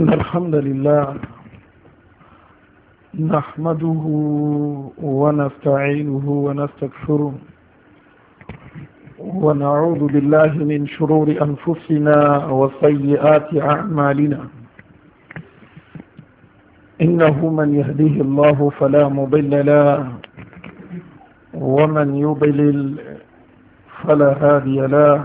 إن الحمد لله نحمده ونستعينه ونستكفره ونعوذ بالله من شرور أنفسنا وسيئات أعمالنا إنه من يهديه الله فلا مضل له ومن يضلل فلا هادي له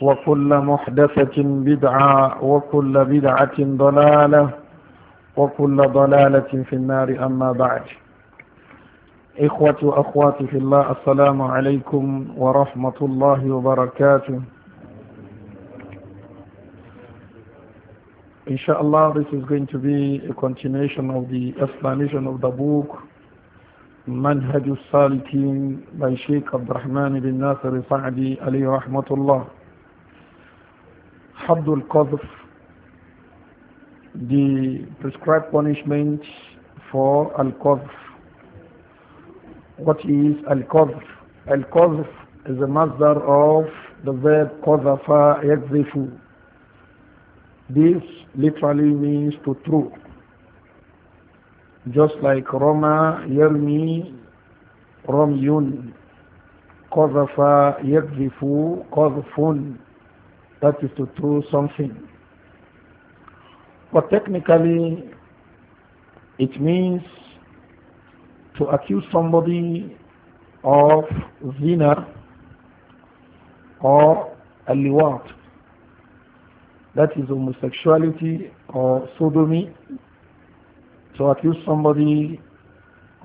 وكل محدثة بدعة وكل بدعة ضلالة وكل ضلالة في النار أما بعد إخوة وأخواتي في الله السلام عليكم ورحمة الله وبركاته Inshallah, this is going to be a continuation of the explanation of the book al-Salikin by Sheikh Abdurrahman ibn Nasir Sa'di عليه rahmatullah. Habdul Qadr, the prescribed punishment for Al-Qadr. What is Al-Qadr? Al-Qadr is the mother of the verb Qadhafa Yakzifu. This literally means to throw. Just like Roma Yermi Romyun. Qadhafa Yakzifu Qadhfun. That is to do something. But technically, it means to accuse somebody of zina or aliwat, that is homosexuality or sodomy, to accuse somebody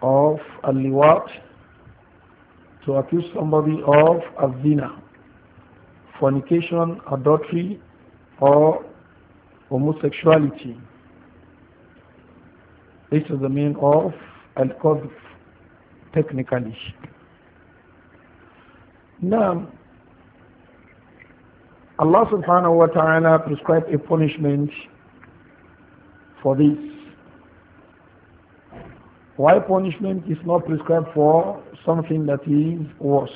of aliwat, to accuse somebody of azina fornication, adultery, or homosexuality. This is the meaning of al-qadhf technically. Now, Allah subhanahu wa ta'ala prescribed a punishment for this. Why punishment is not prescribed for something that is worse?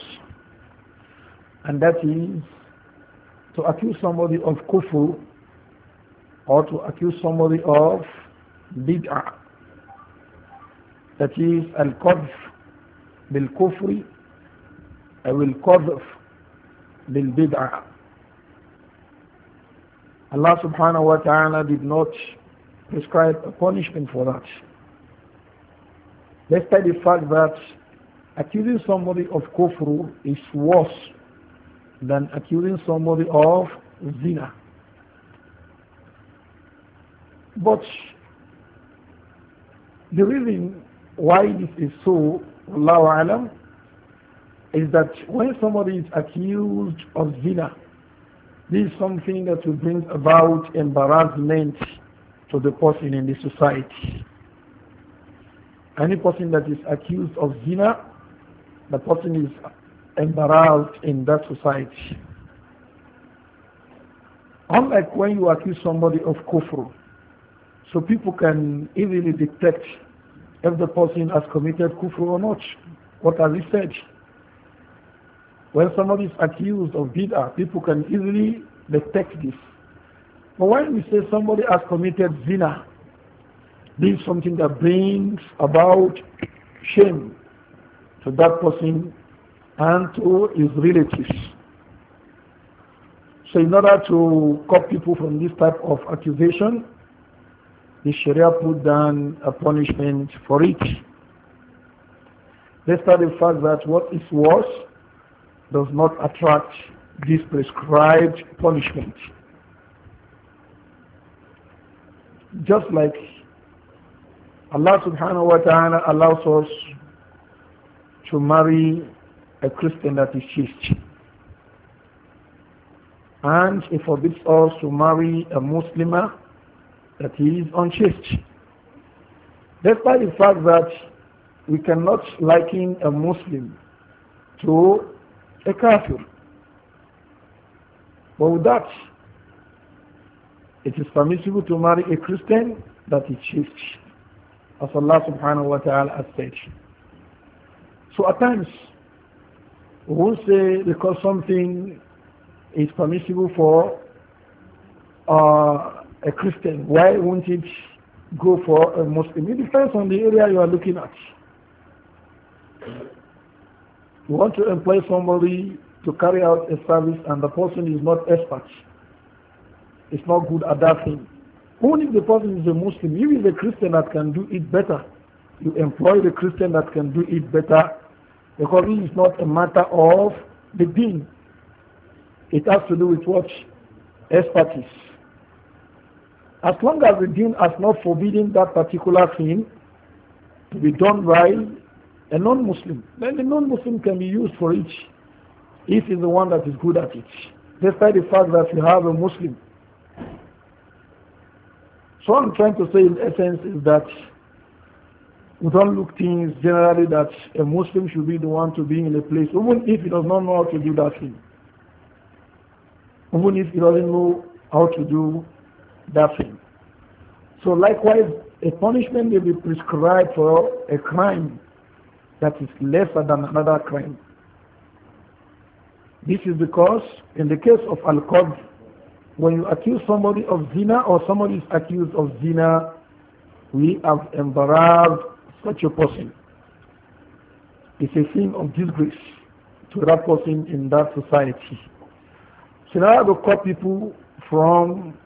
And that is to accuse somebody of kufu or to accuse somebody of bid'ah. That is al-qadf bil-kufri or al-qadf bil-bid'ah. Allah subhanahu wa ta'ala did not prescribe a punishment for that. Despite the fact that accusing somebody of kufr is worse than accusing somebody of zina. But the reason why this is so, Allahu Alam, is that when somebody is accused of zina, this is something that will bring about embarrassment to the person in the society. Any person that is accused of zina, the person is embarrassed in that society. Unlike when you accuse somebody of kufr, so people can easily detect if the person has committed kufr or not. What has he said? When somebody is accused of bid'ah, people can easily detect this. But when we say somebody has committed zina, this is something that brings about shame to that person and to his relatives. So in order to cut people from this type of accusation, the Sharia put down a punishment for it. Despite the fact that what is worse does not attract this prescribed punishment. Just like Allah subhanahu wa ta'ala allows us to marry a Christian that is chaste. And he forbids us to marry a Muslim that is unchaste. Despite the fact that we cannot liken a Muslim to a kafir. But with that, it is permissible to marry a Christian that is chaste, as Allah subhanahu wa ta'ala has said. So at times, who say because something is permissible for uh, a Christian, why won't it go for a Muslim? It depends on the area you are looking at. You want to employ somebody to carry out a service and the person is not expert, is not good at that thing. Only if the person is a Muslim, you is a Christian that can do it better. You employ the Christian that can do it better because this is not a matter of the deen. It has to do with what? Expertise. As long as the deen has not forbidden that particular thing to be done by a non-Muslim, then the non-Muslim can be used for it if he's the one that is good at it. Despite the fact that you have a Muslim. So what I'm trying to say in essence is that we don't look things generally that a Muslim should be the one to be in a place, even if he does not know how to do that thing. Even if he doesn't know how to do that thing. So likewise, a punishment may be prescribed for a crime that is lesser than another crime. This is because in the case of al when you accuse somebody of zina or somebody is accused of zina, we have embarrassed not your person. It's a sin of disgrace to that person in that society. So now to cut people from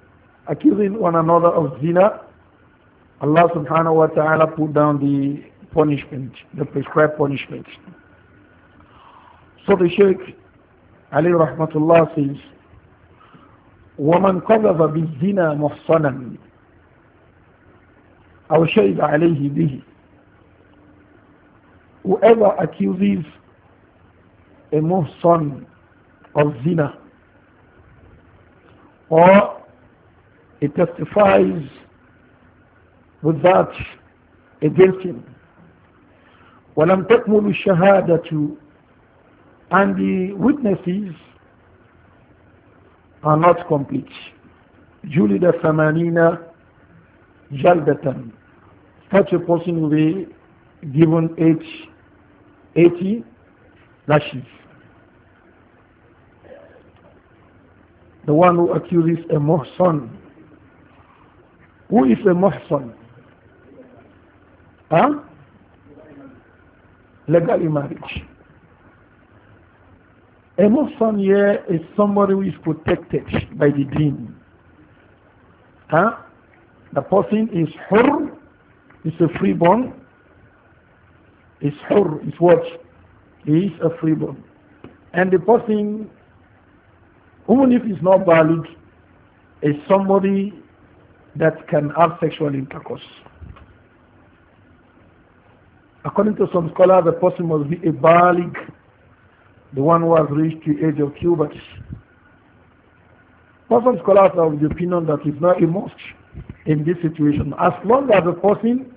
accusing one another of zina, Allah subhanahu wa ta'ala put down the punishment, the prescribed punishment. So the Shaykh Ali rahmatullah says, ومن قذف بالزنا محصنا أو شهد عليه به whoever accuses a muhsan of zina or he testifies with that against him ولم تكمل الشهادة and the witnesses are not complete جلد ثمانين جلدة such a person will be given eight 80 lashes. The one who accuses a muhsan. Who is a muhsan? Huh? Legally marriage. A muhsan here is somebody who is protected by the deen. Huh? The person is hur, is a freeborn, is hur, is what? He is a freeborn. And the person, even if he's not valid, is somebody that can have sexual intercourse. According to some scholars, the person must be a balig, the one who has reached the age of puberty. But some scholars are of the opinion that it's not a must in this situation. As long as the person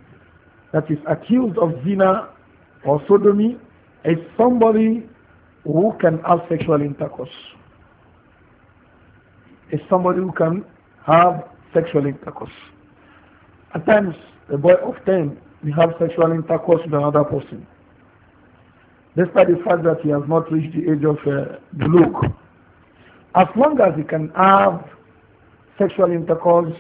that is accused of zina or sodomy is somebody who can have sexual intercourse. Is somebody who can have sexual intercourse. At times, a boy of 10 may have sexual intercourse with another person. Despite the fact that he has not reached the age of uh, look. As long as he can have sexual intercourse,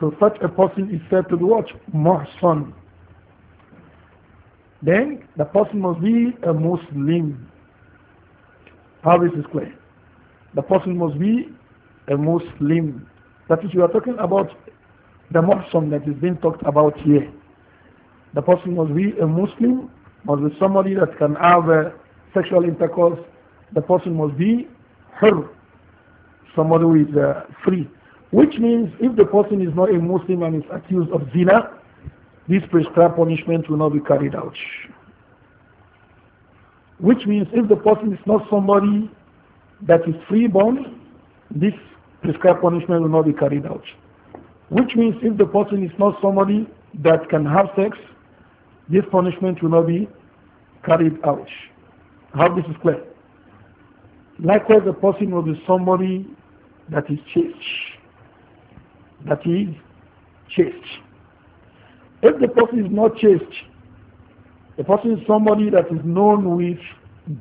so such a person is said to be what? Muhsan then the person must be a Muslim. How is this clear? The person must be a Muslim. That is, we are talking about the Muslim that is being talked about here. The person must be a Muslim, must be somebody that can have sexual intercourse. The person must be her, somebody who is uh, free. Which means if the person is not a Muslim and is accused of zina, this prescribed punishment will not be carried out. Which means if the person is not somebody that is freeborn, this prescribed punishment will not be carried out. Which means if the person is not somebody that can have sex, this punishment will not be carried out. How this is clear? Likewise, the person will be somebody that is chaste. That is chaste. If the person is not chaste, the person is somebody that is known with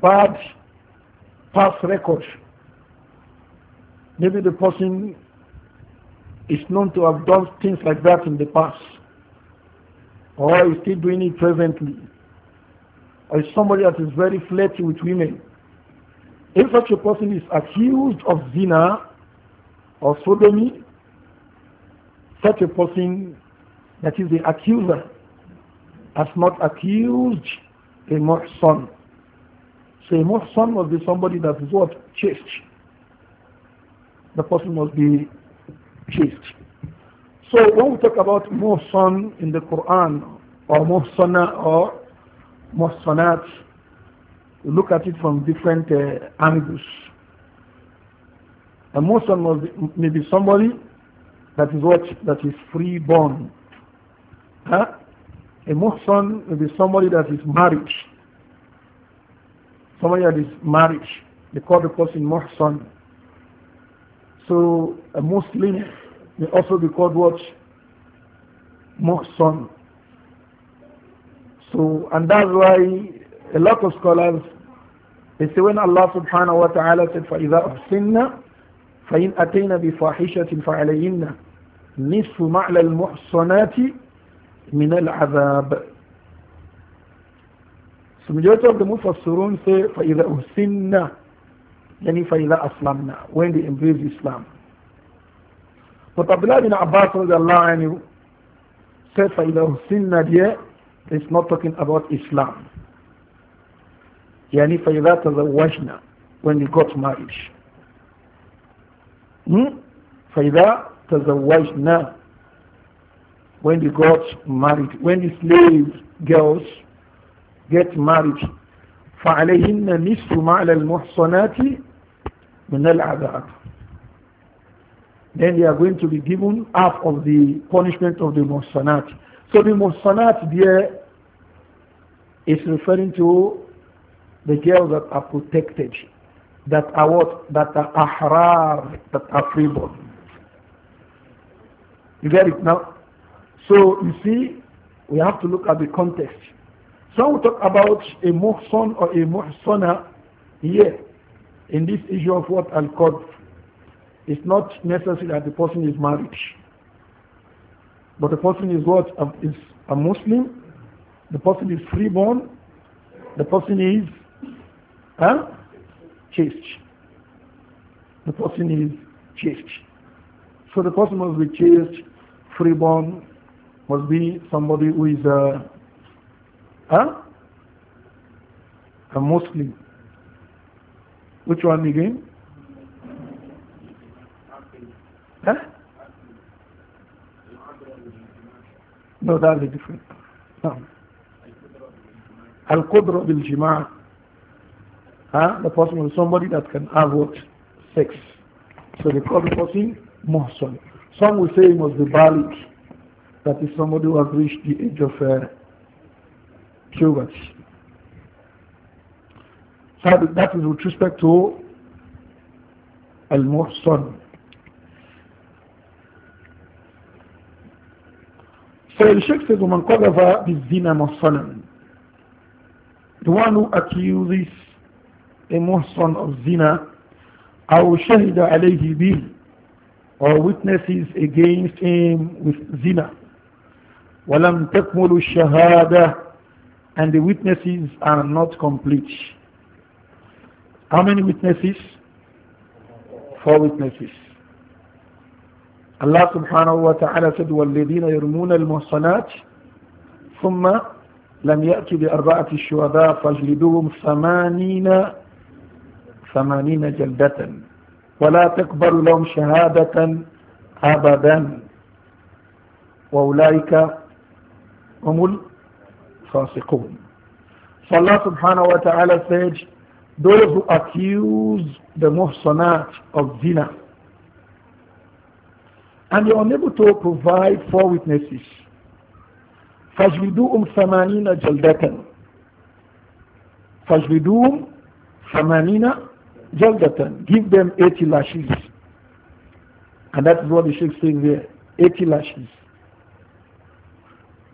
bad past record. Maybe the person is known to have done things like that in the past, or is still doing it presently, or is somebody that is very flirty with women. If such a person is accused of zina or sodomy, such a person that is the accuser, has not accused a muhsan. So a muhsan must be somebody that is what? Chaste. The person must be chaste. So when we talk about muhsan in the Quran, or muhsana, or muhsanat, we look at it from different uh, angles. A muhsan must be, may be somebody that is what? That is freeborn Huh? A muhsan will be somebody that is married. Somebody that is married. They call the person muhsan. So a Muslim may also be called what? Muhsan. So, and that's why a lot of scholars, they say when Allah subhanahu wa ta'ala said, فَإِذَا أَحْسِنَّا فَإِنْ أَتَيْنَا بِفَاحِشَةٍ فَعَلَيْهِنَّ نِصْفُ مَعْلَى الْمُحْصَنَاتِ من العذاب. azab So majority of say, فَإِذَا أُحْسِنَّا يعني فَإِذَا أَسْلَمْنَا When they embrace Islam. But Abdullah bin Abbas anhu, said, فَإِذَا أُحْسِنَّا there, it's not talking about Islam. يعني فَإِذَا تَزَوَّجْنَا When they got married. Hmm? فَإِذَا تَزَوَّجْنَا when they got married, when the slave girls get married, فعليهن نصف ما على المحصنات من العذاب. Then they are going to be given half of the punishment of the musanat. So the musanat there is referring to the girls that are protected, that are what? That are ahrar, that are freeborn. You get it now? So you see, we have to look at the context. Some will talk about a muhsan or a muhsana here in this issue of what I'll qadf It's not necessary that the person is married. But the person is what? A, is a Muslim. The person is freeborn. The person is huh? chaste. The person is chaste. So the person must be chaste, freeborn, must be somebody who is a, huh? a Muslim. Which one again? Huh? No, that's a different. No. Al-Qudra bil-Jima'ah. Huh? The person is somebody that can have what? Sex. So they call the person Muhsan. Some will say he must be Balik that is somebody who has reached the age of uh, puberty. So that is with respect to Al-Muhsan. So the Sheikh says, Man قَذَفَ بِالزِّنَا مُحْصَنًا The one who accuses a muhsan of zina, أو شهد alayhi به, or witnesses against him with zina. وَلَمْ تَكْمُلُ الشَّهَادَةِ And the witnesses are not complete. How many witnesses? Four witnesses. Allah subhanahu wa ta'ala said, وَالَّذِينَ يَرْمُونَ الْمُحْصَنَاتِ ثُمَّ لم يَأْتِ بأربعة الشهداء فاجلدوهم ثمانين ثمانين جلدة ولا تكبر لهم شهادة أبدا وأولئك هم الفاسقون So Allah subhanahu wa ta'ala said, those who accuse the muhsanat of zina and they are unable to provide four witnesses. فَاجْلِدُوهُمْ ثَمَانِينَ جَلْدَةً فَاجْلِدُوهُمْ ثَمَانِينَ جَلْدَةً Give them 80 lashes. And that is what the Sheikh says there, 80 lashes.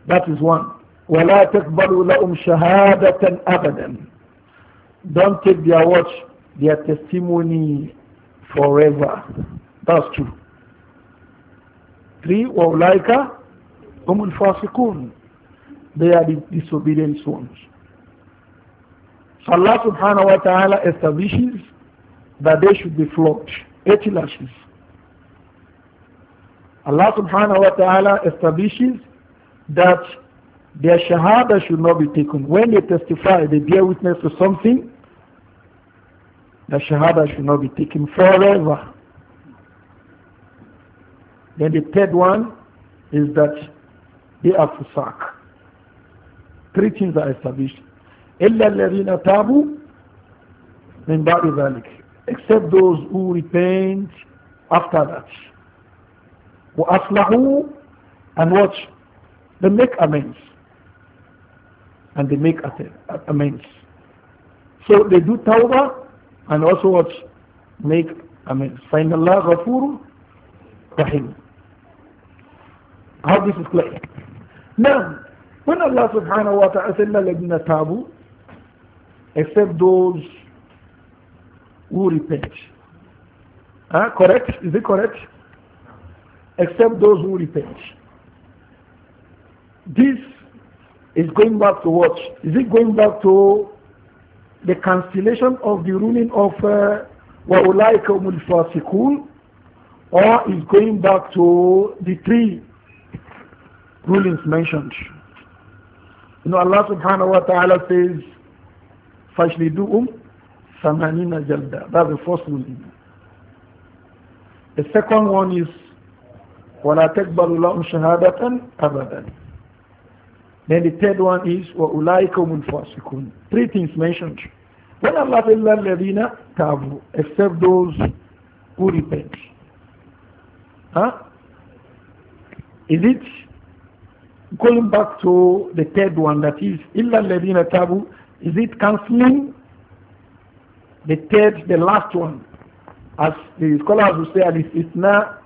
That is one. وَلَا تَقْبَلُوا لَهُمْ شَهَادَةً أَبَدًا Don't take their watch, their testimony forever. That's two. Three, وَأُولَٰئِكَ هُمُ الْفَاسِقُونَ They are the disobedient ones. So Allah subhanahu wa ta'ala establishes that they should be flogged, 80 lashes. Allah subhanahu wa ta'ala establishes that their shahada should not be taken. When they testify, they bear witness to something, the shahada should not be taken forever. Then the third one is that they are fusak. Three things are established. إِلَّا الَّذِينَ تَابُوا مِنْ بَعْدِ Except those who repent after that. and watch they make amends. And they make amends. So they do tawbah and also what? Make amends. فَإِنَّ اللَّهَ غَفُورٌ رَحِيمٌ How this is clear. Now, when Allah subhanahu wa ta'ala said, لَلَّذِينَ تَابُوا Except those who repent. Huh? Ah, correct? Is it correct? Except those who repent. This is going back to what? Is it going back to the cancellation of the ruling of وَأُولَٰئِكَ هُمُ الْفَاسِقُونَ or is going back to the three rulings mentioned. You know, Allah subhanahu wa ta'ala says, فَاشْلِدُوهُمْ ثَمَانِينَ جَلْدًا That's the first ruling. The second one is, وَلَا تَكْبَرُ لَهُمْ شَهَادَةً أَبَدًا then the third one is وَأُولَٰئِكَ fasikun. Three things mentioned. When Allah says الَّذِينَ تَابُوا Except those who repent. Huh? Is it going back to the third one that is إِلَّا الَّذِينَ تَابُوا Is it cancelling the third, the last one? As the scholars will say, الْإِسْتِثْنَا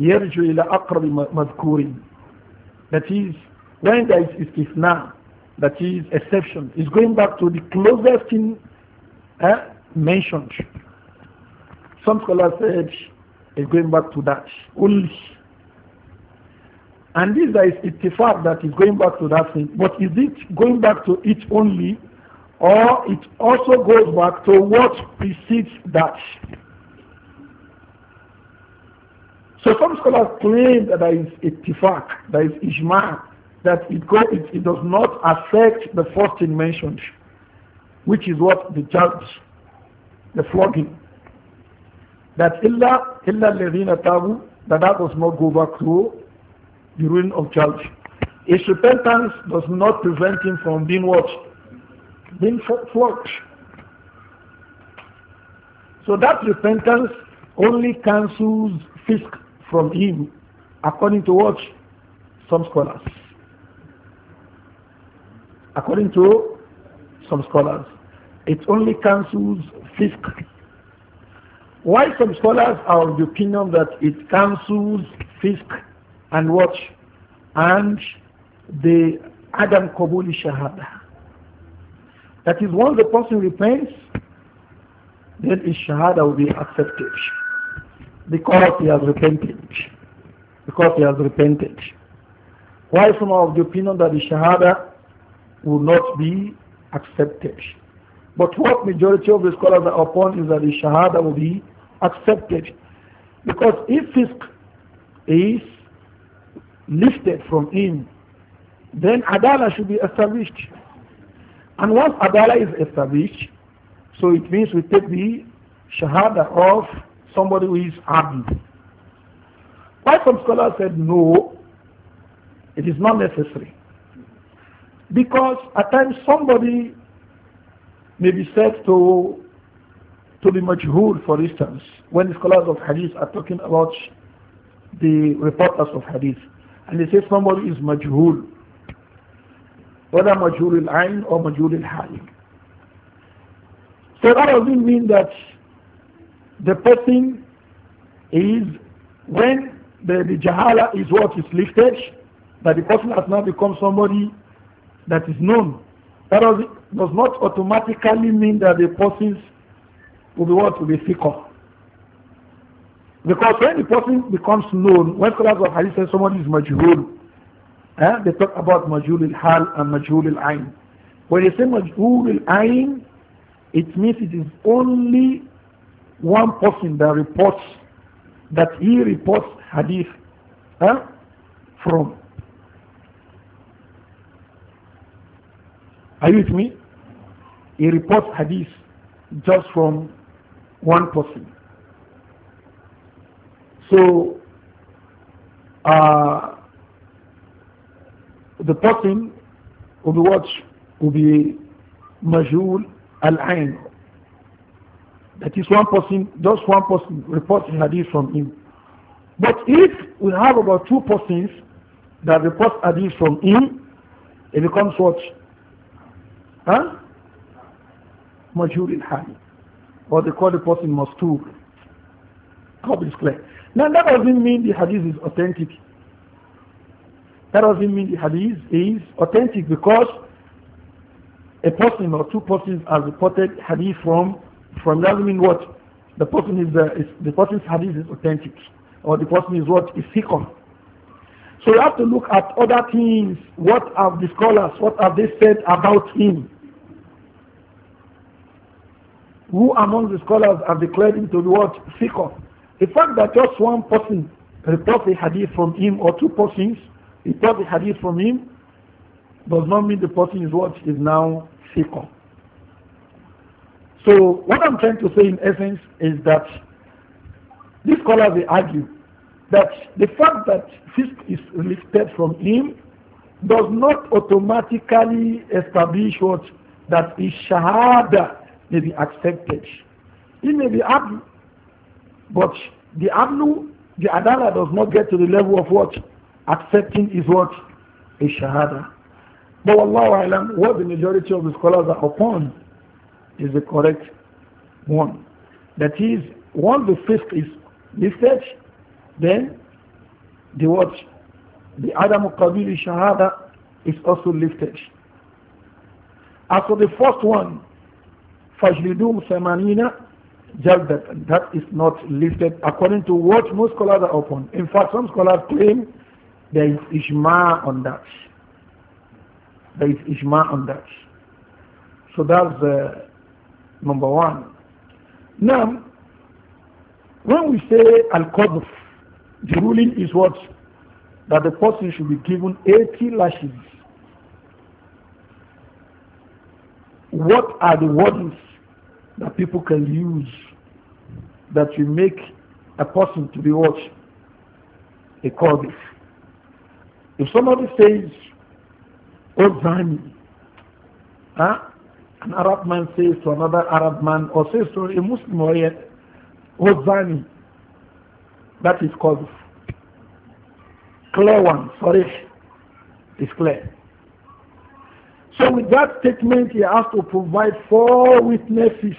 يَرْجُ إِلَى أَقْرَبِ مَذْكُورٍ That is then there is istisna, that is exception, is going back to the closest thing eh, mentioned. Some scholars said it's going back to that. Only. And this there is ittifaq that is going back to that thing. But is it going back to it only or it also goes back to what precedes that? So some scholars claim that there is ittifaq, there is ijma, that it, go, it, it does not affect the first thing mentioned, which is what the judge, the flogging. That illa illa levina tabu, that that does not go back to the ruin of judge. His repentance does not prevent him from being what? Being flogged. So that repentance only cancels fisk from him, according to what? Some scholars according to some scholars. It only cancels fisk. Why some scholars are of the opinion that it cancels fisk and watch and the Adam Kabuli Shahada. That is once the person repents, then his Shahada will be accepted because he has repented. Because he has repented. Why some are of the opinion that the Shahada will not be accepted. But what majority of the scholars are upon is that the Shahada will be accepted. Because if fisk is lifted from him, then Adala should be established. And once Adala is established, so it means we take the Shahada of somebody who is hardened. Why some scholars said no, it is not necessary. Because at times somebody may be said to to be majhul, for instance, when the scholars of hadith are talking about the reporters of hadith, and they say somebody is majhul, whether majhul al-ain or majhul al-hal. So that doesn't mean that the person is, when the, the jahala is what is lifted, that the person has now become somebody that is known. That does, not automatically mean that the persons will be what? Will be fickle. Because when the person becomes known, when scholars of hadith say someone is majhul, eh, they talk about majhul al-hal and majhul al-ayn. When they say majhul al-ayn, it means it is only one person that reports, that he reports hadith eh, from. Are you with me? He reports hadith just from one person. So, uh, the person will be what? Will be Majul Al-Ain. That is one person, just one person reports hadith from him. But if we have about two persons that report hadith from him, it becomes what? Huh? Majhul al-hali. Or they call the person mastur. is clear. Now that doesn't mean the hadith is authentic. That doesn't mean the hadith is authentic because a person or two persons are reported hadith from from that mean what the person is, the uh, is the person's hadith is authentic or the person is what is hikam. So you have to look at other things. What have the scholars? What have they said about him? who among the scholars have declared him to be what? fikr? The fact that just one person reports a hadith from him or two persons report the hadith from him does not mean the person is what is now fikr. So what I'm trying to say in essence is that these scholars they argue that the fact that fiqh is lifted from him does not automatically establish what that is shahada may be accepted. He may be ablu, but the ablu, the adala does not get to the level of what? Accepting is what? A shahada. But Allah what the majority of the scholars are upon is the correct one. That is, once the first is lifted, then the what? The Adam Qabili Shahada is also lifted. As for the first one, فَجْلِدُمْ just that That is not listed according to what most scholars are upon. In fact, some scholars claim there is isma on that. There is isma on that. So that's uh, number one. Now, when we say al-qadr, the ruling is what? That the person should be given 80 lashes. What are the wordings that people can use that will make a person to be watched A Kurdish. If somebody says, Oh Zani, huh? an Arab man says to another Arab man or says to a Muslim or a Oh Zani, that is called Clear one, sorry, is clear. So with that statement, he has to provide four witnesses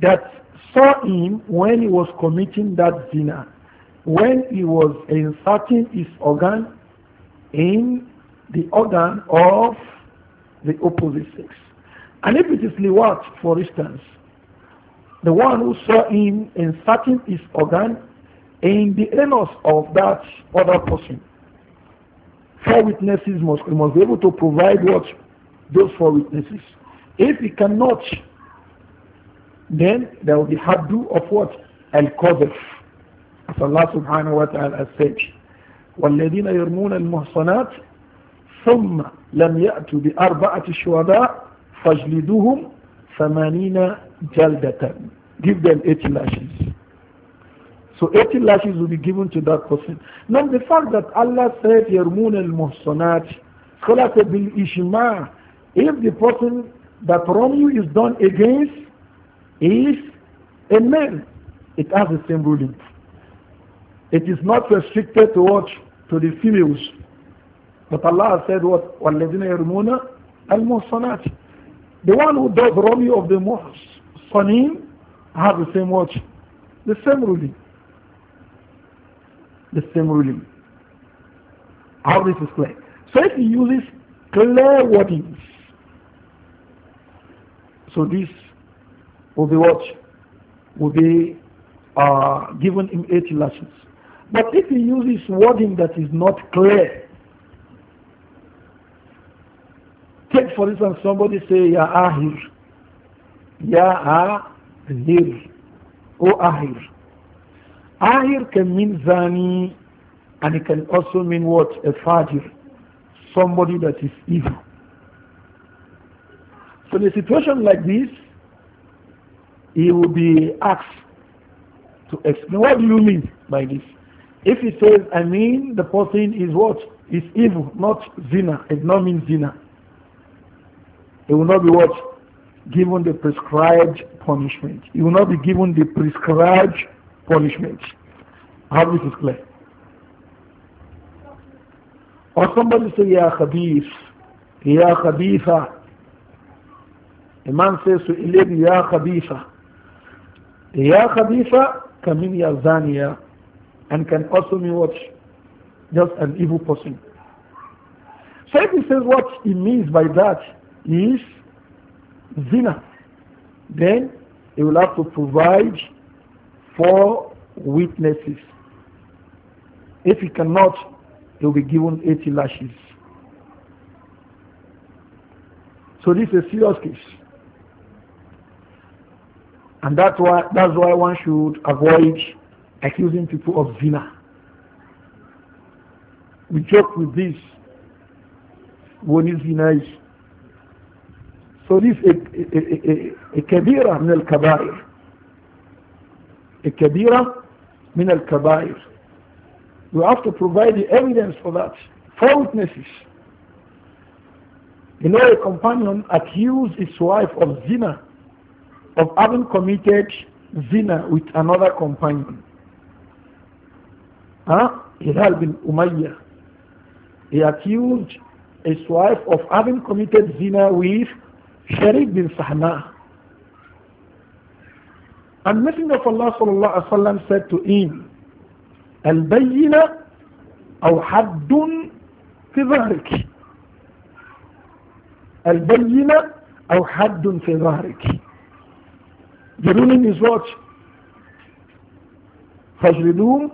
that saw him when he was committing that zina, when he was inserting his organ in the organ of the opposite sex. And if it is liwat, for instance, the one who saw him inserting his organ in the anus of that other person, Four witnesses must, he must be able to provide what? Those four witnesses. If he cannot, then there will be haddu of what? Al-Qadr. As Allah subhanahu wa ta'ala said, وَالَّذِينَ يَرْمُونَ الْمُحْصَنَاتِ ثُمَّ لَمْ يَأْتُوا بِأَرْبَعَةِ شُهَدَاءَ فَاجْلِدُوهُمْ ثَمَانِينَ جَلْدَةً Give them eight lashes. So 80 lashes will be given to that person. Now the fact that Allah said, Yarmun al-Muhsanat, Salat bil-Ishma, if the person that wrong you is done against is a man, it has the same ruling. It is not restricted to what? To the females. But Allah said what? وَالَّذِينَ يَرْمُونَ الْمُحْصَنَاتِ The one who does wrong you of the muhsanim has the same what? The same ruling the same ruling. How this is clear. So if he uses clear wordings, so this will be what? Will be uh, given him eight lashes. But if he uses wording that is not clear, take for instance somebody say, Ya Ahir, Ya Ahir, O Ahir. Ahir can mean zani and it can also mean what? A fajir. Somebody that is evil. So in a situation like this, he will be asked to explain. What do you mean by this? If he says, I mean the person is what? Is evil, not zina. It does not mean zina. It will not be what? Given the prescribed punishment. He will not be given the prescribed punishment. I hope this is clear. Or somebody say, Ya Khabif, Ya Khabifa. A man says to a lady, Ya Khabifa. Ya Khabifa can mean Ya Zania and can also mean what? Just an evil person. So if he says what he means by that is zina, then he will have to provide four witnesses. If he cannot, he will be given 80 lashes. So this is a serious case. And that's why, that's why one should avoid accusing people of zina. We joke with this. When is zina is. So this is a, a, a, a, a kabira min al-kabair. The kabira min al-kabair. You have to provide the evidence for that. Four witnesses. You know, a companion accused his wife of zina, of having committed zina with another companion. Huh? Hilal bin Umayyah. He accused his wife of having committed zina with Sharif bin Sahna, and Messenger of Allah sallallahu alaihi wasallam said to him, "Al-bayyina aw haddun fi dhahrik." Al-bayyina aw haddun fi dhahrik. The ruling is what? Fajridum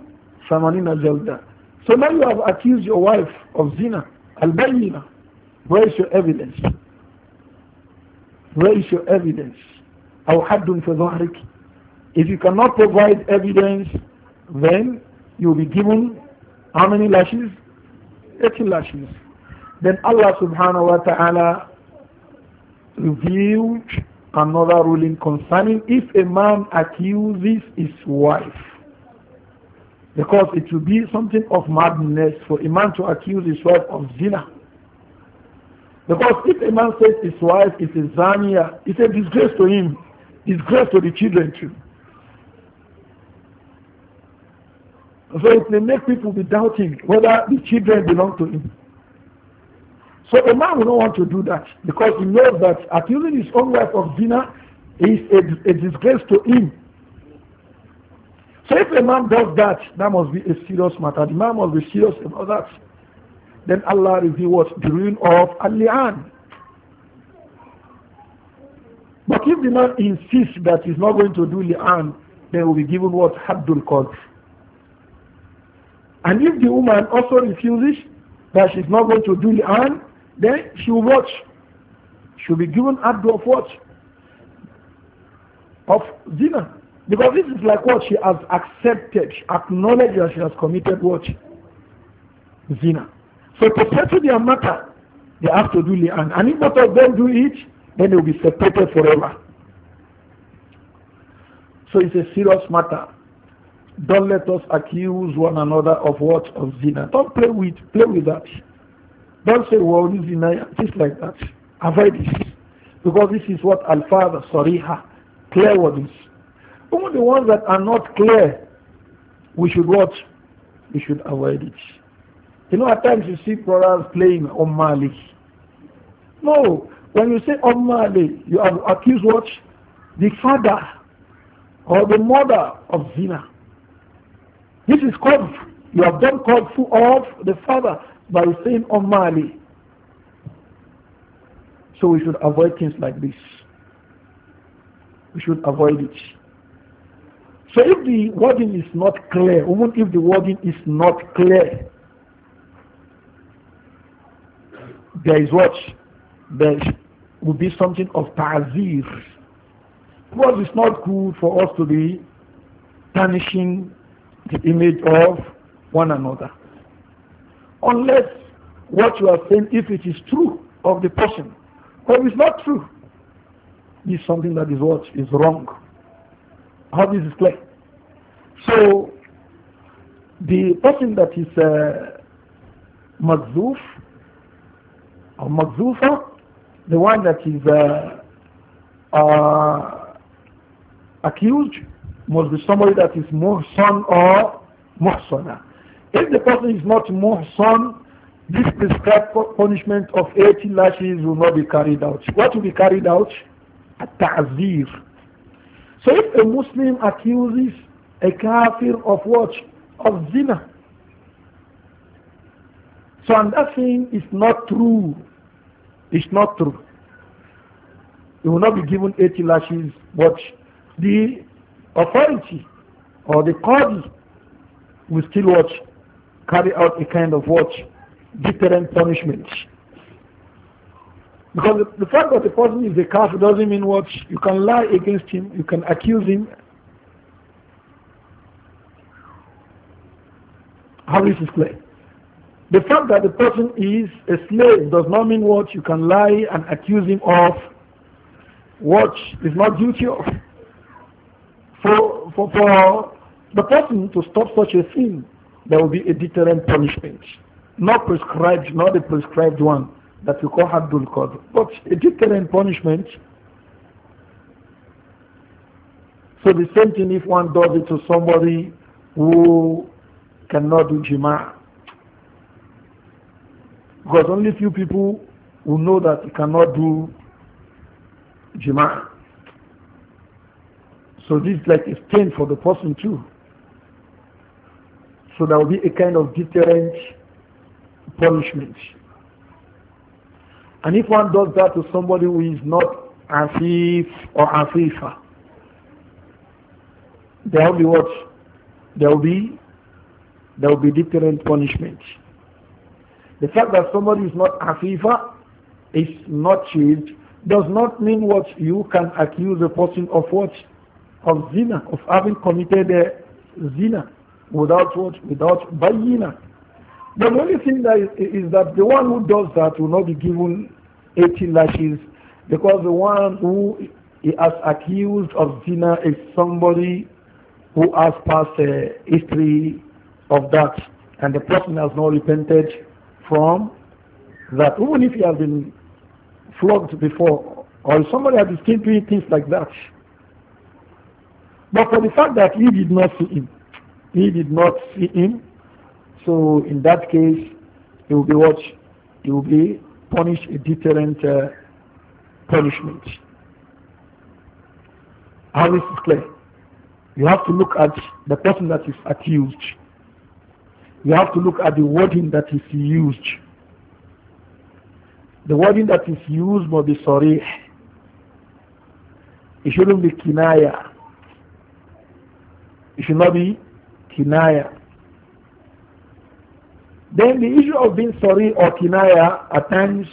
samanina jalda. So now you have accused your wife of zina. Al-bayyina. Where is your evidence? Where is your evidence? أو حد في ظهرك if you cannot provide evidence, then you will be given how many lashes? 80 lashes. Then Allah subhanahu wa ta'ala revealed another ruling concerning if a man accuses his wife. Because it will be something of madness for a man to accuse his wife of zina. Because if a man says his wife is a zania, it's a disgrace to him, disgrace to the children too. So it may make people be doubting whether the children belong to him. So a man will not want to do that because he knows that accusing his own wife of zina is a, a disgrace to him. So if a man does that, that must be a serious matter. The man must be serious about that. Then Allah reveals the ruin of Alian. But if the man insists that he's not going to do Li'an, then will be given what? Haddul Qadr. And if the woman also refuses that she's not going to do the harm, then she will watch. She'll be given addu of watch Of zina. Because this is like what she has accepted, she acknowledged that she has committed what? Zina. So to settle their matter, they have to do the li'an. And if both of them do it, then they will be separated forever. So it's a serious matter. Don't let us accuse one another of what? Of zina. Don't play with, play with that. Don't say, well, this zina, just like that. Avoid this. Because this is what Al-Father, Sariha, clear what is. Only the ones that are not clear, we should watch. We should avoid it. You know, at times you see brothers playing omali. No, when you say omali, you have accused what? The father or the mother of zina. This is called, you have done called of the father by saying on oh, Mali. So we should avoid things like this. We should avoid it. So if the wording is not clear, even if the wording is not clear, there is what? There will be something of ta'zir. Because it's not good for us to be tarnishing the image of one another. Unless what you are saying, if it is true of the person, if it's not true, is something that is what is wrong. How this is clear. So the person that is uh, or Mazufa, the one that is uh, uh, accused, must be somebody that is muhsan or muhsana. If the person is not muhsan, this prescribed punishment of 80 lashes will not be carried out. What will be carried out? A ta'zir. So if a Muslim accuses a kafir of what? Of zina. So and that thing is not true. It's not true. He will not be given 80 lashes, but the authority or the Qadi will still watch, carry out a kind of watch, different punishment. Because the, the fact that the person is a kafir doesn't mean what you can lie against him, you can accuse him. How is this clear. The fact that the person is a slave does not mean what you can lie and accuse him of what is not duty of for, for the person to stop such a sin, there will be a deterrent punishment. Not prescribed, not the prescribed one that we call Haddul Qadr, but a deterrent punishment. So the same thing if one does it to somebody who cannot do Jima. Because only few people will know that he cannot do Jima. So this is like a stain for the person too. So there will be a kind of deterrent punishment. And if one does that to somebody who is not Asif or Asifa, there will be what? There will be there will be deterrent punishment. The fact that somebody is not hafifa, is not changed does not mean what you can accuse a person of what of zina, of having committed zina without what? Without bayina. The only thing that is, is that the one who does that will not be given 80 lashes because the one who he accused of zina is somebody who has passed a history of that and the person has not repented from that even if he has been flogged before or somebody has been still doing things like that but for the fact that he did not see him, he did not see him, so in that case, he will be what? He will be punished a deterrent uh, punishment. How this is clear? You have to look at the person that is accused. You have to look at the wording that is used. The wording that is used must be sorry. It shouldn't be kinaya. It should not be kinaya. Then the issue of being sorry or kinaya at times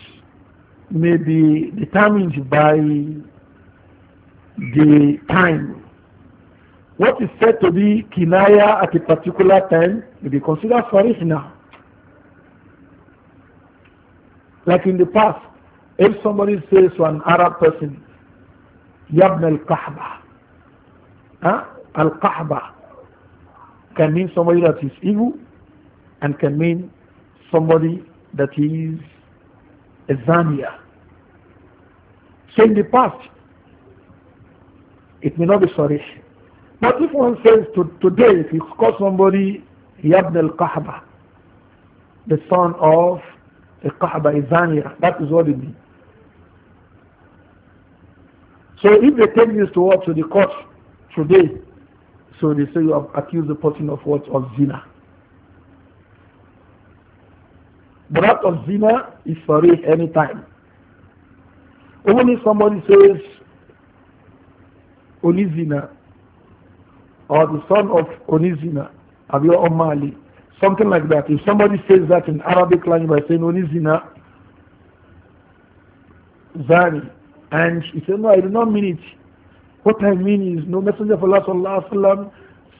may be determined by the time. What is said to be kinaya at a particular time may be considered sorry now. Like in the past, if somebody says to an Arab person, Yabn al Kahba, huh? Al-Qahba can mean somebody that is evil and can mean somebody that is a Zania. So in the past, it may not be sorry. But if one says to, today, if you call somebody Yabn al qahba the son of the Qahba is Zania, that is what it means. So if they take this to what to the court today, so they say you have accused the person of what? Of zina. But act of zina is for it any time. Even if somebody says, Onizina, or the son of Onizina, Abiy Omali, something like that. If somebody says that in Arabic language by saying Onizina, Zani, and he says, no, I do not mean it. What I mean is, no Messenger of Allah sallallahu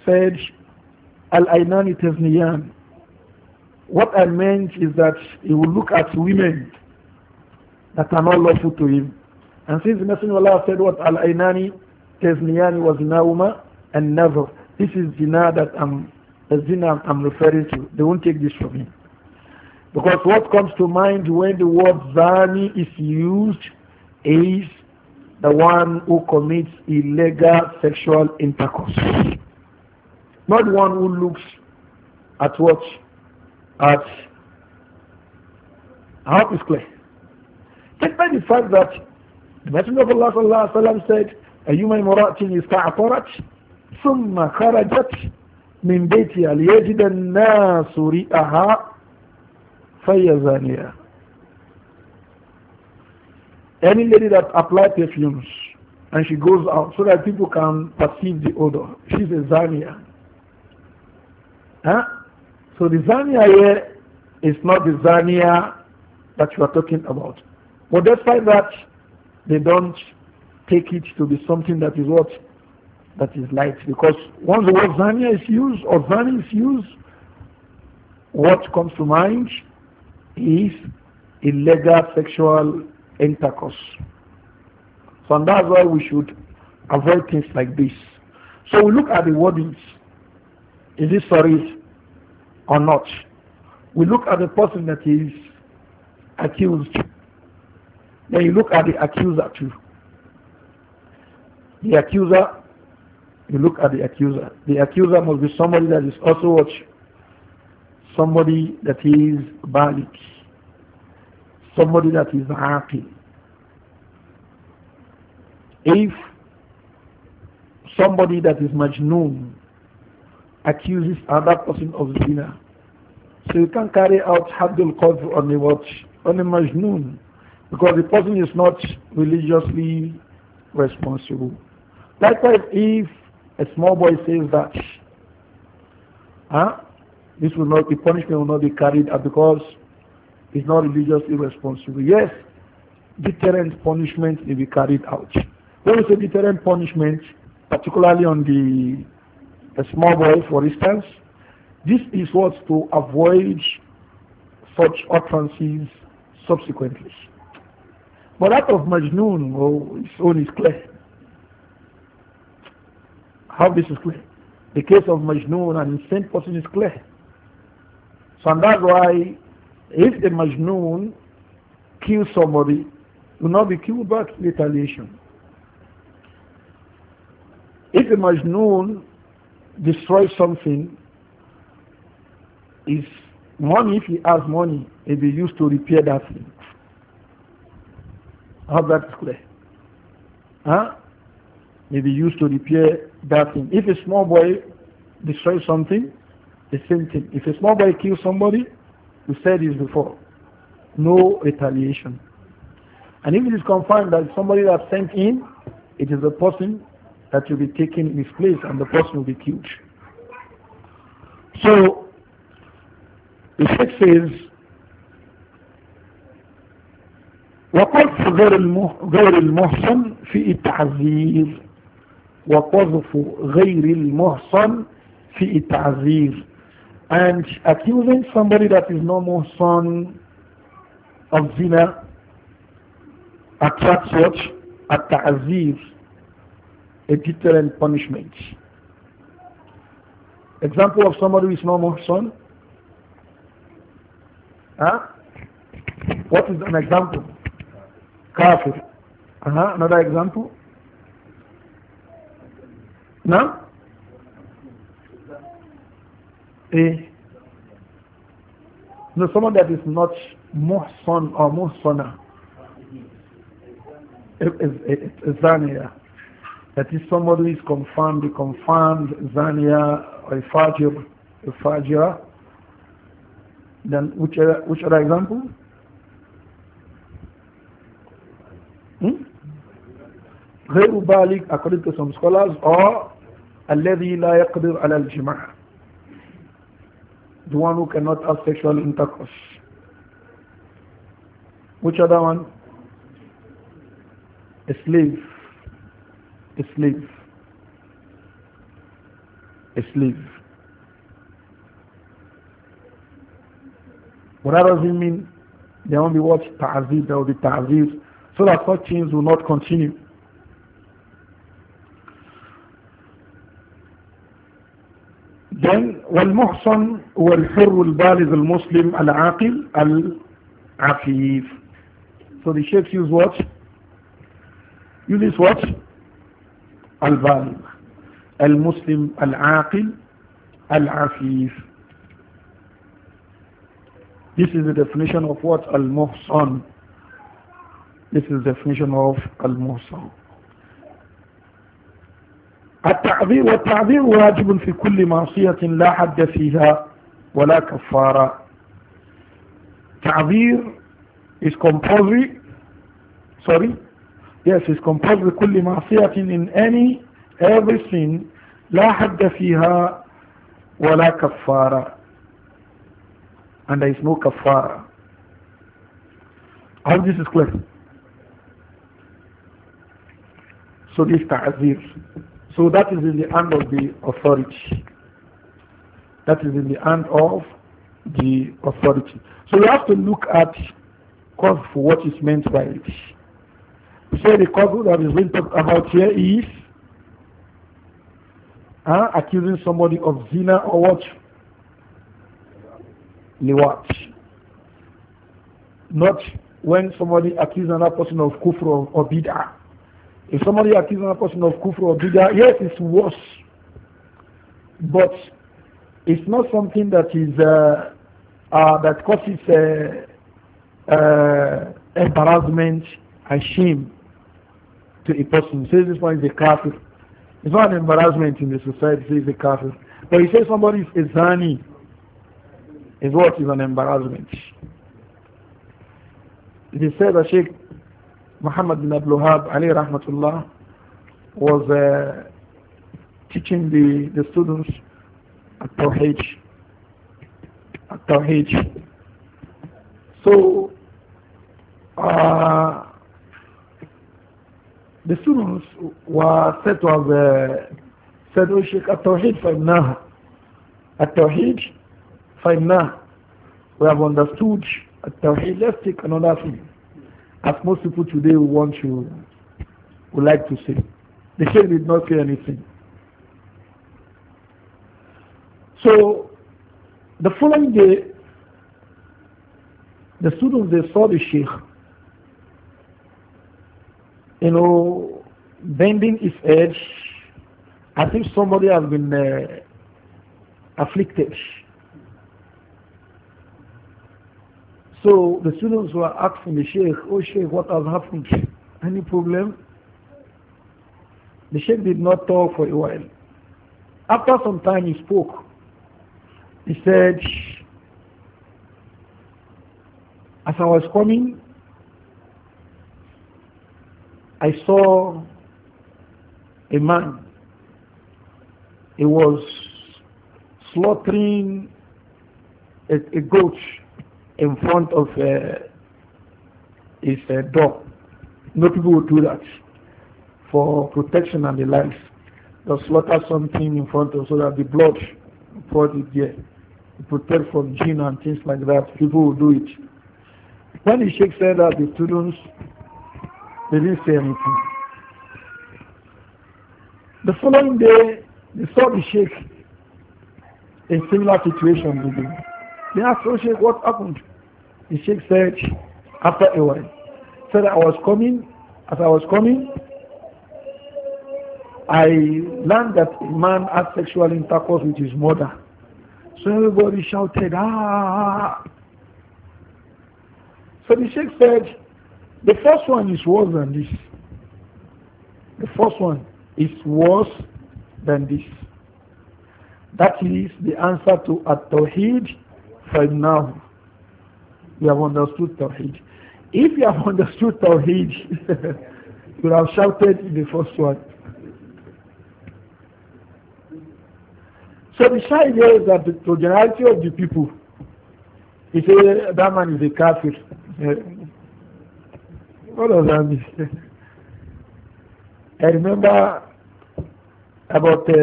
said, "Al-ainani tazniyan." What I meant is that he will look at women that are not lawful to him, and since the Messenger of Allah said, "What al-ainani tazniyan was nauma and never," this is zina that I'm the zina I'm referring to. They won't take this from me. Because what comes to mind when the word zani is used is the one who commits illegal sexual intercourse. Not one who looks at what? At. I hope it's clear. Despite the fact that the Messenger of Allah sallallahu alayhi wa said, أيما امرأة استعطرت ثم خرجت من بيتها ليجد الناس ريئها فهي زانية any lady that apply perfumes and she goes out so that people can perceive the odor. She's a Zania. Huh? So the Zania here is not the Zania that you are talking about. But despite that, they don't take it to be something that is what? That is light. Because once the word Zania is used or Zani is used, what comes to mind is illegal sexual intercourse. So and that's why we should avoid things like this. So we look at the wordings. Is it stories or not? We look at the person that is accused. Then you look at the accuser too. The accuser, you look at the accuser. The accuser must be somebody that is also what? Somebody that is Balik somebody that is happy. If somebody that is majnoon accuses another person of zina, so you can carry out Abdul Qadr on a watch, on the majnoon, because the person is not religiously responsible. Likewise, if a small boy says that, huh, this will not, the punishment will not be carried out because is not religious responsible. Yes, deterrent punishment may be carried out. When we say deterrent punishment, particularly on the, the small boy, for instance, this is what to avoid such utterances subsequently. But that of Majnun, oh, its own is clear. How this is clear? The case of Majnun and insane person is clear. So and that's why if a Majnun kills somebody, will not be killed back retaliation. If a Majnun destroys something, is money, if he has money, it be used to repair that thing. How that's clear? Huh? May be used to repair that thing. If a small boy destroys something, the same thing. If a small boy kills somebody, we said this before. No retaliation. And if it is confirmed that somebody that sent in, it is the person that will be taken in his place and the person will be killed. So, the text says, وقذف غير المحصن في التعذير وقذف غير المحصن في التعذير and accusing somebody that is no more son of zina attracts what? a ta'aziz, a deterrent punishment. Example of somebody who is no more son? Huh? What is an example? Kafir. Uh -huh. Another example? No? eh no someone that is not muhsan or muhsana zania that is somebody who is confirmed confirmed zania or fajr, fajr. then which other, which other example غير hmm? بالغ according to some scholars or الذي لا يقدر على the one who cannot have sexual intercourse. Which other one? A slave. A slave. A slave. What does it mean? There won't be what? Ta'zib. There will be So that such things will not continue. Then والمحصن هو الحر البالغ المسلم العاقل العفيف. So the Sheikh use what? Use what? البالغ المسلم العاقل العفيف. This is the definition of what al-muhsan. This is the definition of al-muhsan. التعذير والتعذير واجب في كل معصية لا حد فيها ولا كفارة تعذير is compulsory sorry yes is compulsory كل معصية in any every sin لا حد فيها ولا كفارة and there is no كفارة all this is clear so this تعذير So that is in the hand of the authority. That is in the hand of the authority. So you have to look at cause for what is meant by it. Say the cause that is being talked about here is uh, accusing somebody of zina or what? Liwat. Not when somebody accuses another person of kufr or, or bid'ah. If somebody accuses a person of kufr or bidah, yes, it's worse. But it's not something that is uh, uh, that causes uh, uh embarrassment and shame to a person. Says this one is a kafir. It's not an embarrassment in the society. Says a kafir. But he says somebody is a zani. Is what is an embarrassment. He says a Sheikh Muhammad bin Abdul Ali Rahmatullah, was uh, teaching the, the students at Tawheed. At Tawheed. So, uh, the students were said to have uh, said, O oh, Sheikh, at Tawheed Faimnah. At Tawheed Faimnah. We have understood at Tawheed. Let's take another thing as most people today would want to would like to say. The Sheikh did not say anything. So the following day, the students they saw the Sheikh, you know, bending his head. I think somebody has been uh, afflicted. So the students were asking the sheikh, oh sheikh, what has happened? Any problem? The sheikh did not talk for a while. After some time he spoke. He said, as I was coming, I saw a man. He was slaughtering a, a goat in front of uh, his uh, door. No people would do that for protection and the life. they slaughter something in front of so that the blood for it there to protect from jinn and things like that. People will do it. When the Sheikh said that the students, they didn't say anything. The following day, they saw the Sheikh in similar situation with him. They asked the oh, Sheikh, what happened? The Sheikh said, after a while, said, I was coming, as I was coming, I learned that a man had sexual intercourse with his mother. So everybody shouted, ah. So the Sheikh said, the first one is worse than this. The first one is worse than this. That is the answer to at now, you have understood Tawheed. If you have understood Tawheed, you would have shouted in the first one. So the shy that the generality of the people, he say that man is a kafir. what does that mean? I remember about uh,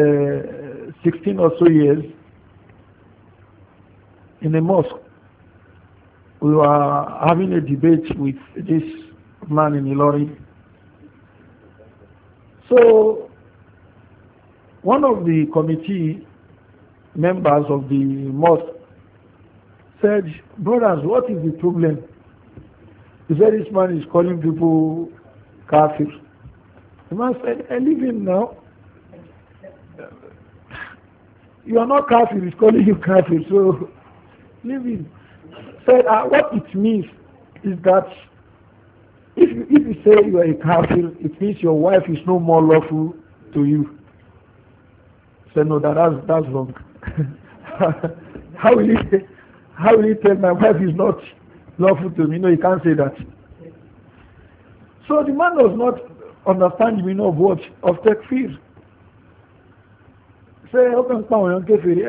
16 or so years, in a mosque. We were having a debate with this man in lorry. So, one of the committee members of the mosque said, Brothers, what is the problem? He said, This man is calling people kafir. The man said, I leave him now. You are not kafir, he's calling you kafir. So, living. so, uh, what it means is that if you, if you say you are a kafir, it means your wife is no more lawful to you. Say so, no, that, that's, that's wrong. how, will you, how will you tell my wife is not lawful to me? No, you can't say that. So the man does not understand the meaning of what? Of takfir. Say, how can someone get free?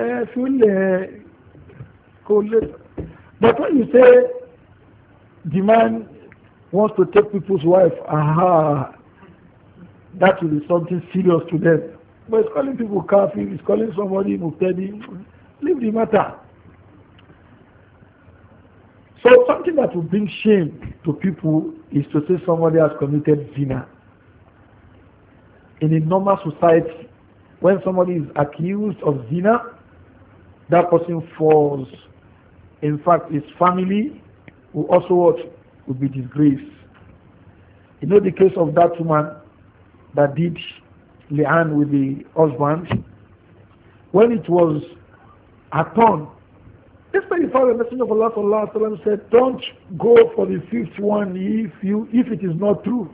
correlate. But when you say the man wants to take people's wife, aha, that will be something serious to them. But he's calling people kafir, he's calling somebody muftedi, leave the matter. So something that will bring shame to people is to say somebody has committed zina. In a normal society, when somebody is accused of zina, that person falls in fact, his family will also what? Will be disgraced. You know the case of that woman that did lian with the husband? When it was her turn, Father the Messenger of Allah sallallahu said, don't go for the fifth one if, you, if it is not true.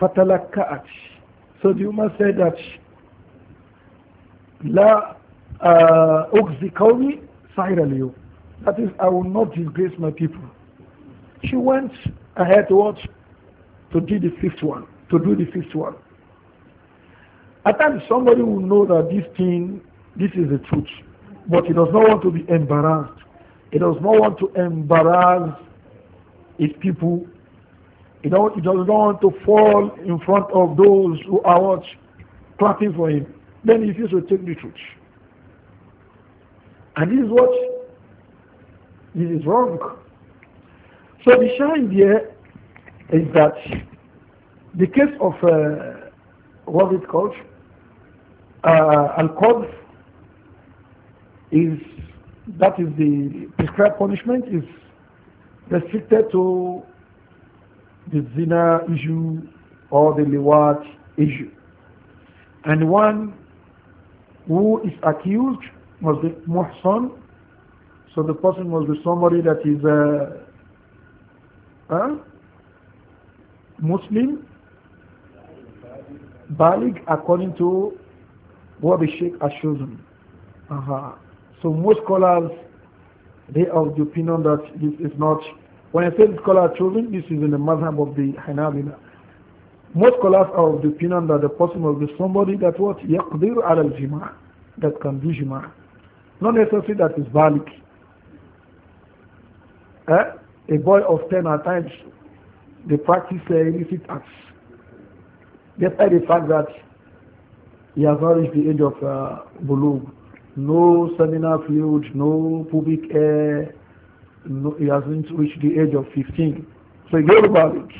فَتَلَكَّأَتْ So the woman said that, la أُخْزِ uh, Sairaliyo. Oh, that is, I will not disgrace my people. She went ahead to watch to do the fifth one, to do the fifth one. At times somebody will know that this thing, this is the truth, but he does not want to be embarrassed. He does not want to embarrass his people. He, don't, he does not want to fall in front of those who are watching clapping for him. Then he refuses to take the truth. And this is what? This is wrong. So the shine here is that the case of uh, what is called uh, al is that is the prescribed punishment is restricted to the zina issue or the liwat issue. And one who is accused was the muhsan. So the person was the somebody that is a uh, Muslim, balig according to what the Sheikh has chosen. Uh -huh. So most scholars, they are of the opinion that this is not, when I say the scholar chosen, this is in the madhab of the Hanabila. Most scholars are of the opinion that the person was the somebody that what? يقدر على الجماع, that can do jima. Not necessarily that is valid. Eh? A boy of 10 at times, they practice uh, illicit acts. Despite the fact that he has not reached the age of uh, Bulug. No seminar field, no public air. No, he hasn't reached the age of 15. So he goes valid.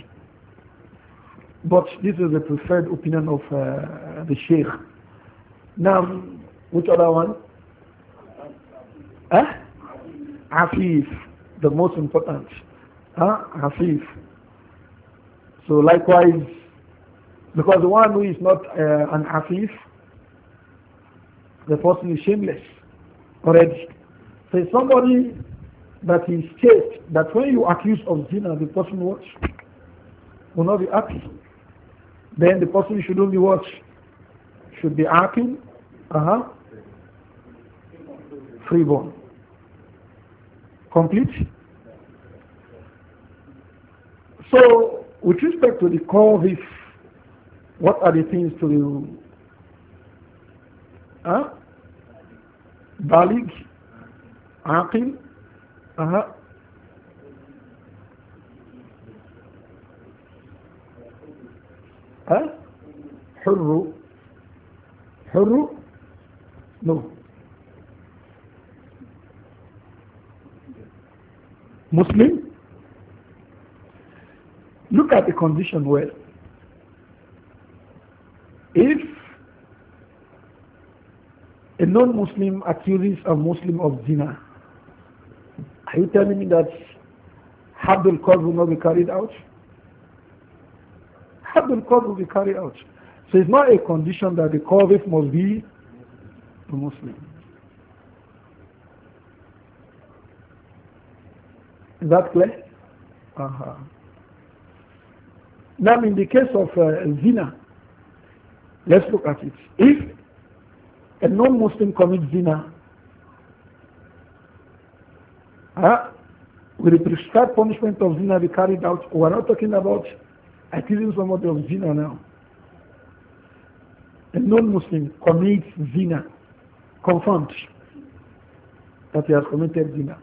But this is the preferred opinion of uh, the Sheikh. Now, which other one? Huh? Eh? Afif, the most important. Huh? Afif. So likewise, because the one who is not uh, an Afif, the person is shameless already. So somebody that is chaste, that when you accuse of zina, the person what? Will not be happy. Then the person shouldn't be what? Should be acting, uh-huh, freeborn. Complete? So, with respect to the core if what are the things to do? Huh? Balig? Aqil? Uh-huh. Huh? Hurru? Hurru? No. Muslim? Look at the condition well. If a non-Muslim accuses a Muslim of zina, are you telling me that Abdul Qadr will not be carried out? Abdul Qadr will be carried out. So it's not a condition that the Qadr must be a Muslim. Is that clear? Uh-huh. Now, in the case of uh, zina, let's look at it. If a non-Muslim commits zina, uh, will the prescribed punishment of zina be carried out? We're not talking about accusing somebody of zina now. A non-Muslim commits zina, confirmed that he has committed zina.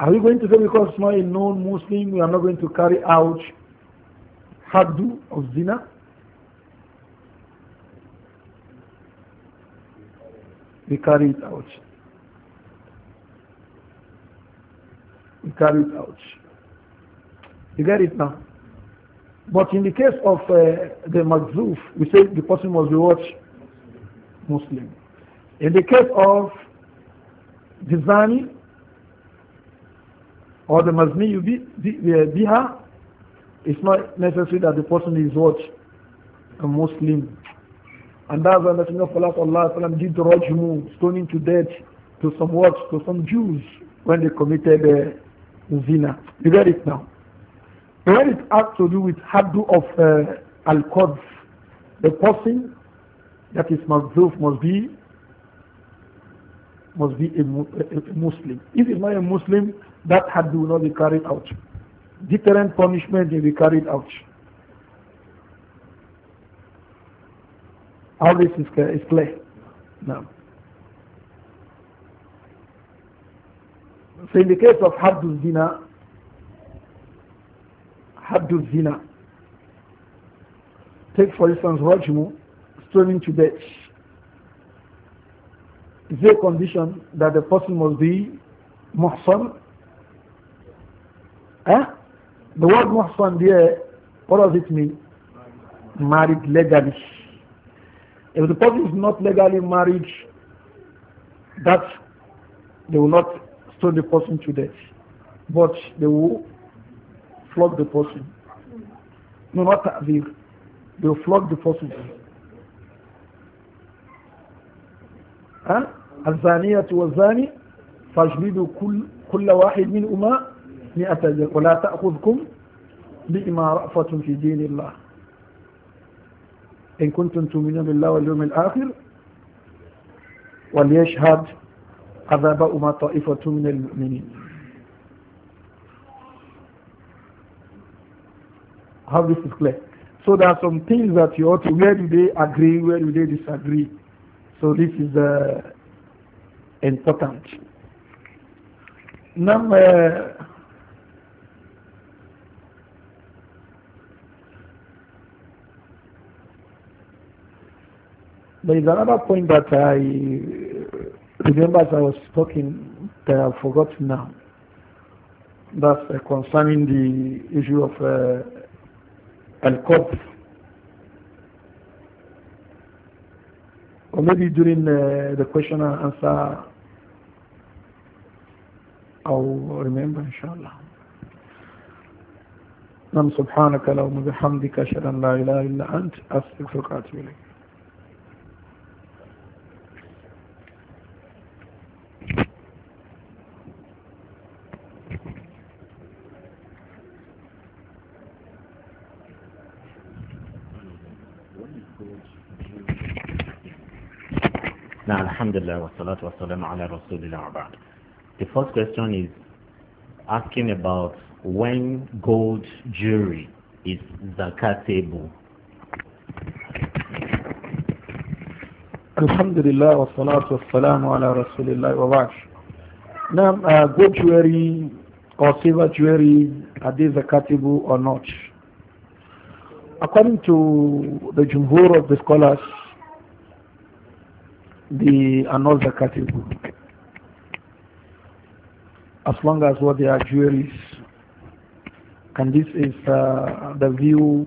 Are we going to say because it's not a known Muslim, we are not going to carry out haddu of zina? We carry it out. We carry it out. You get it now? But in the case of uh, the Mazruf, we say the person was watch Muslim. In the case of the Zani, or the mazmi biha, it's not necessary that the person is what? A Muslim. And that's why Messenger of Allah وسلم, did rajmu, stoning to death to some what? To some Jews when they committed uh, zina. You get it now. When it has to do with haddu of uh, al-qadf, the person that is mazuf must be must be a, a, a Muslim. If he's not a Muslim, that had will not be carried out. Different punishment will be carried out. All this is, is clear now. So in the case of Haddul Zina, Haddul Zina, take for instance Rajmu, stoning to death. Is there a condition that the person must be muhsan Eh? The word muhsan there, what does it mean? Married legally. If the person is not legally married, that they will not stone the person to death, but they will flog the person. No, not ta'zir. They will flog the person. الزانية والزاني فاجلدوا كل كل واحد منهما ولا تأخذكم بما رأفة في دين الله إن كنتم تؤمنون بالله واليوم الآخر وليشهد عذابهما طائفة من المؤمنين How this is clear. So there are some things that you ought to, where do they agree, where do they disagree. So this is uh, important. Number. uh, There is another point that I remember as I was talking that I've forgotten now. That's uh, concerning the issue of uh, Al-Qadr. Or maybe during uh, the question and answer, I'll remember inshallah. نعم سبحانك اللهم وبحمدك اشهد ان لا اله الا انت استغفرك واتوب اليك Now, Alhamdulillah, wa salatu wa salam ala Rasulillah abad. The first question is asking about when gold jewelry is zakatable. Alhamdulillah, wa salatu wa salam ala Rasulillah wa Now, uh, gold jewelry or silver jewelry, are they zakatable or not? According to the jumhur of the scholars, the another category. As long as what they are jewelries, and this is uh, the view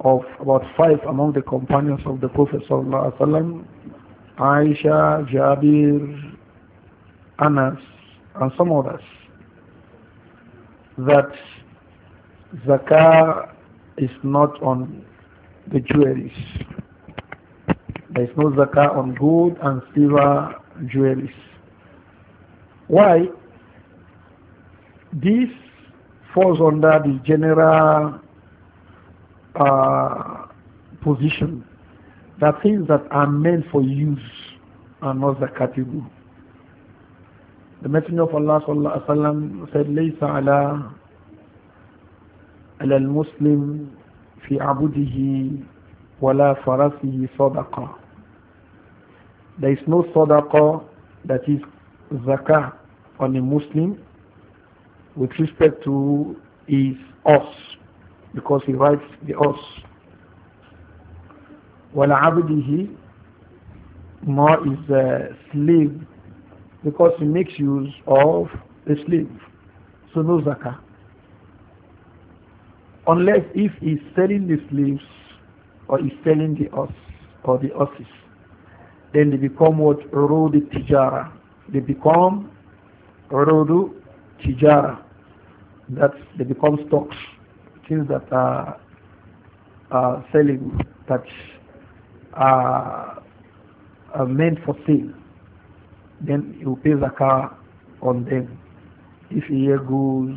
of about five among the companions of the Prophet sallallahu Aisha, Jabir, Anas, and some others, that zakah is not on the jewelries. There is no zakah on gold and silver jewelries. Why? This falls under the general uh, position that things that are meant for use are not zakatable. The Messenger of Allah sallallahu alaihi wasallam said, "ليس على المسلم في عبده وَلَا فَرَسِهِ صَدَقَةً There is no sadaqah that is zaka on a Muslim with respect to his horse because he rides the horse. وَلَا عَبْدِهِ nor is a slave because he makes use of a slave. So no zakah. Unless if he's selling the slaves or is selling the horse or the office, Then they become what? Rodu Tijara. They become Rodu Tijara. That they become stocks, things that are, are selling, that are, uh, are meant for sale. Then you pay car on them. If he goes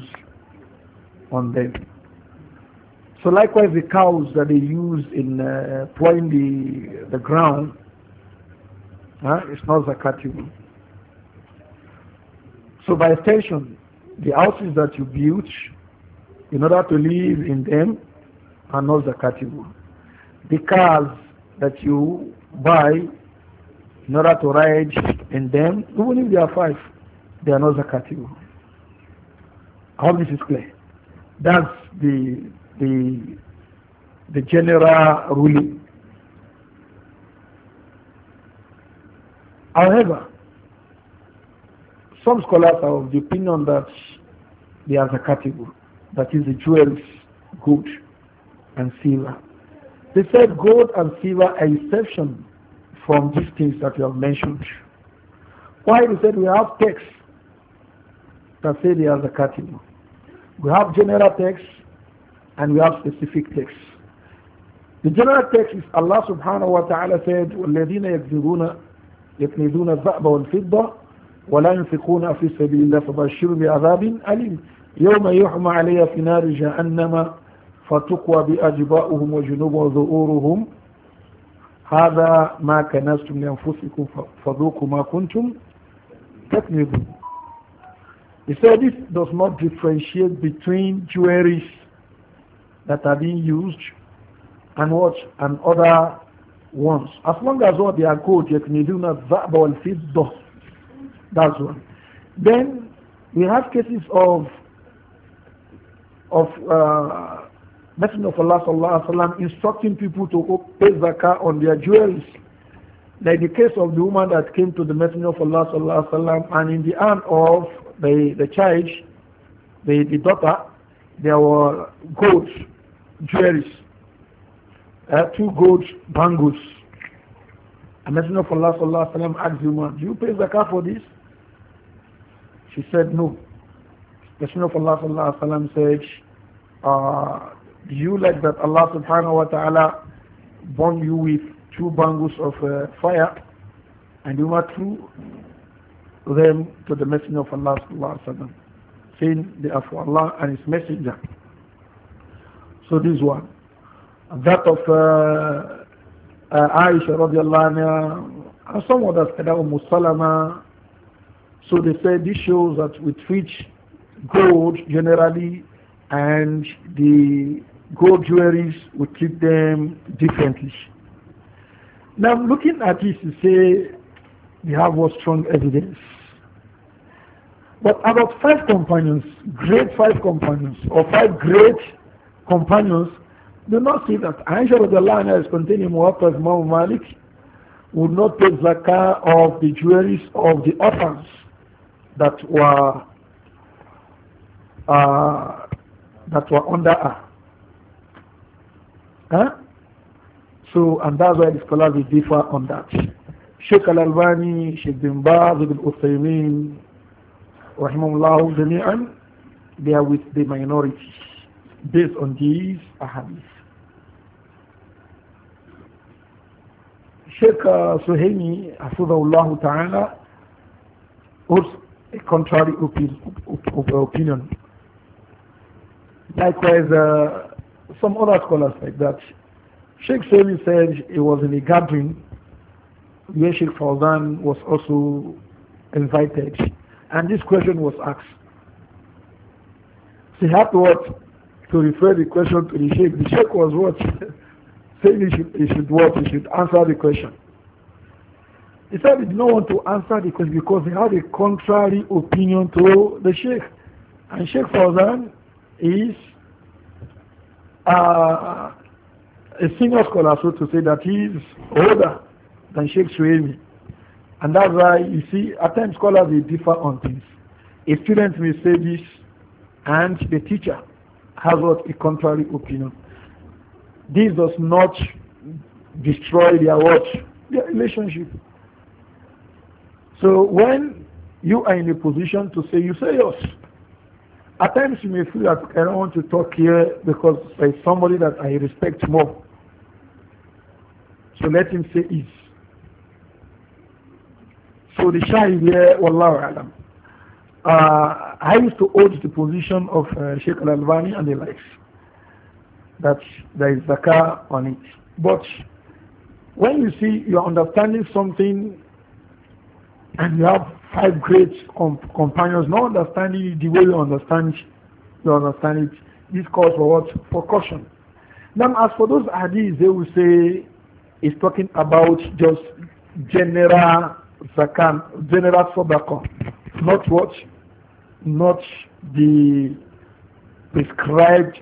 on them. So likewise the cows that they use in uh, plowing the, the ground, huh, it's not zakatable. So by extension, the houses that you build in order to live in them are not zakatable. The cars that you buy in order to ride in them, even if they are five, they are not zakatable. I hope this is clear. That's the the, the general ruling. However, some scholars are of the opinion that they are the category, that is the jewels, gold and silver. They said gold and silver are exception from these things that you have mentioned. Why they said we have texts that say they are the category. We have general texts and we have specific texts. The general text is Allah subhanahu wa ta'ala said, وَالَّذِينَ يَكْذِبُونَ يَكْنِذُونَ الذَّعْبَ وَالْفِضَّةَ وَلَا يُنْفِقُونَ فِي سَبِيلِ اللَّهِ فَبَشِّرْهُمْ بِعَذَابٍ أَلِيمٍ يَوْمَ يُحْمَى عَلَيْهَا فِي نَارِ جَهَنَّمَ فتقوى بأجباؤهم وجنوبهم وظهورهم هذا ما كنستم لأنفسكم فذوقوا ما كنتم تكنزون He said this does not differentiate between Jewish that are being used and what and other ones. As long as what they are good, يَكْنِدُونَ الذَّعْبَ وَالْفِضَّةِ That's one. Then we have cases of of uh, Messenger of Allah sallallahu alaihi wasallam instructing people to pay zakah on their jewels. Like the case of the woman that came to the Messenger of Allah sallallahu alaihi wasallam, and in the hand of the the child, the, the daughter, there were goats jewelries, uh, two gold bangles. A messenger of Allah sallallahu alayhi wa asked Zuma, do you pay zakat for this? She said no. The messenger of Allah sallallahu alayhi wa said, uh, do you like that Allah subhanahu wa ta'ala burn you with two bangles of uh, fire? And you are threw them to the messenger of Allah sallallahu alayhi wa saying they are for Allah and his messenger. So this one. That of uh, uh, Aisha radiallahu anha, and some others, Kada of Salama. So they said this shows that we treat gold generally and the gold jewelries, we treat them differently. Now looking at this, you say we have what strong evidence. But about five companions, great five companions, or five great companions do not see that. Aisha Radalana is containing Muwatta Imam Malik would not take zakah of the jewelry of the orphans that were uh, that were under her. Huh? So, and that's why the scholars will differ on that. Sheikh Al-Albani, Sheikh Bin Baz, Ibn Uthaymeen, Rahimahullah, they are with the minority based on these ahadith. Sheikh uh, Suhaimi, Hafizahullah Ta'ala, holds a contrary opinion. Likewise, uh, some other scholars like that. Sheikh Suhaimi said it was in a gathering where Sheikh Fawzan was also invited. And this question was asked. So he had to what? to refer the question to the sheikh. The sheikh was what? Saying he should, he should what? He should answer the question. He said he did not want to answer the question because he had a contrary opinion to the sheikh. And Sheikh Fawzan is uh, a senior scholar, so to say, that he is older than Sheikh Suhaimi. And that's why you see, at times scholars they differ on things. A student may say this, and the teacher has what a contrary opinion. This does not destroy their what? Their relationship. So when you are in a position to say, you say yes. At times you may feel that I don't want to talk here because there is somebody that I respect more. So let him say is. So the Shah is there, Wallahu Alam. Uh, I used to hold the position of uh, Sheikh Al-Albani and the likes that there is zakah on it. But when you see you are understanding something and you have five great companions not understanding it the way you understand it, you understand it. This calls for what? For caution. Now, as for those hadiths, they will say it's talking about just general zakah, general sadaqah not what? Not the prescribed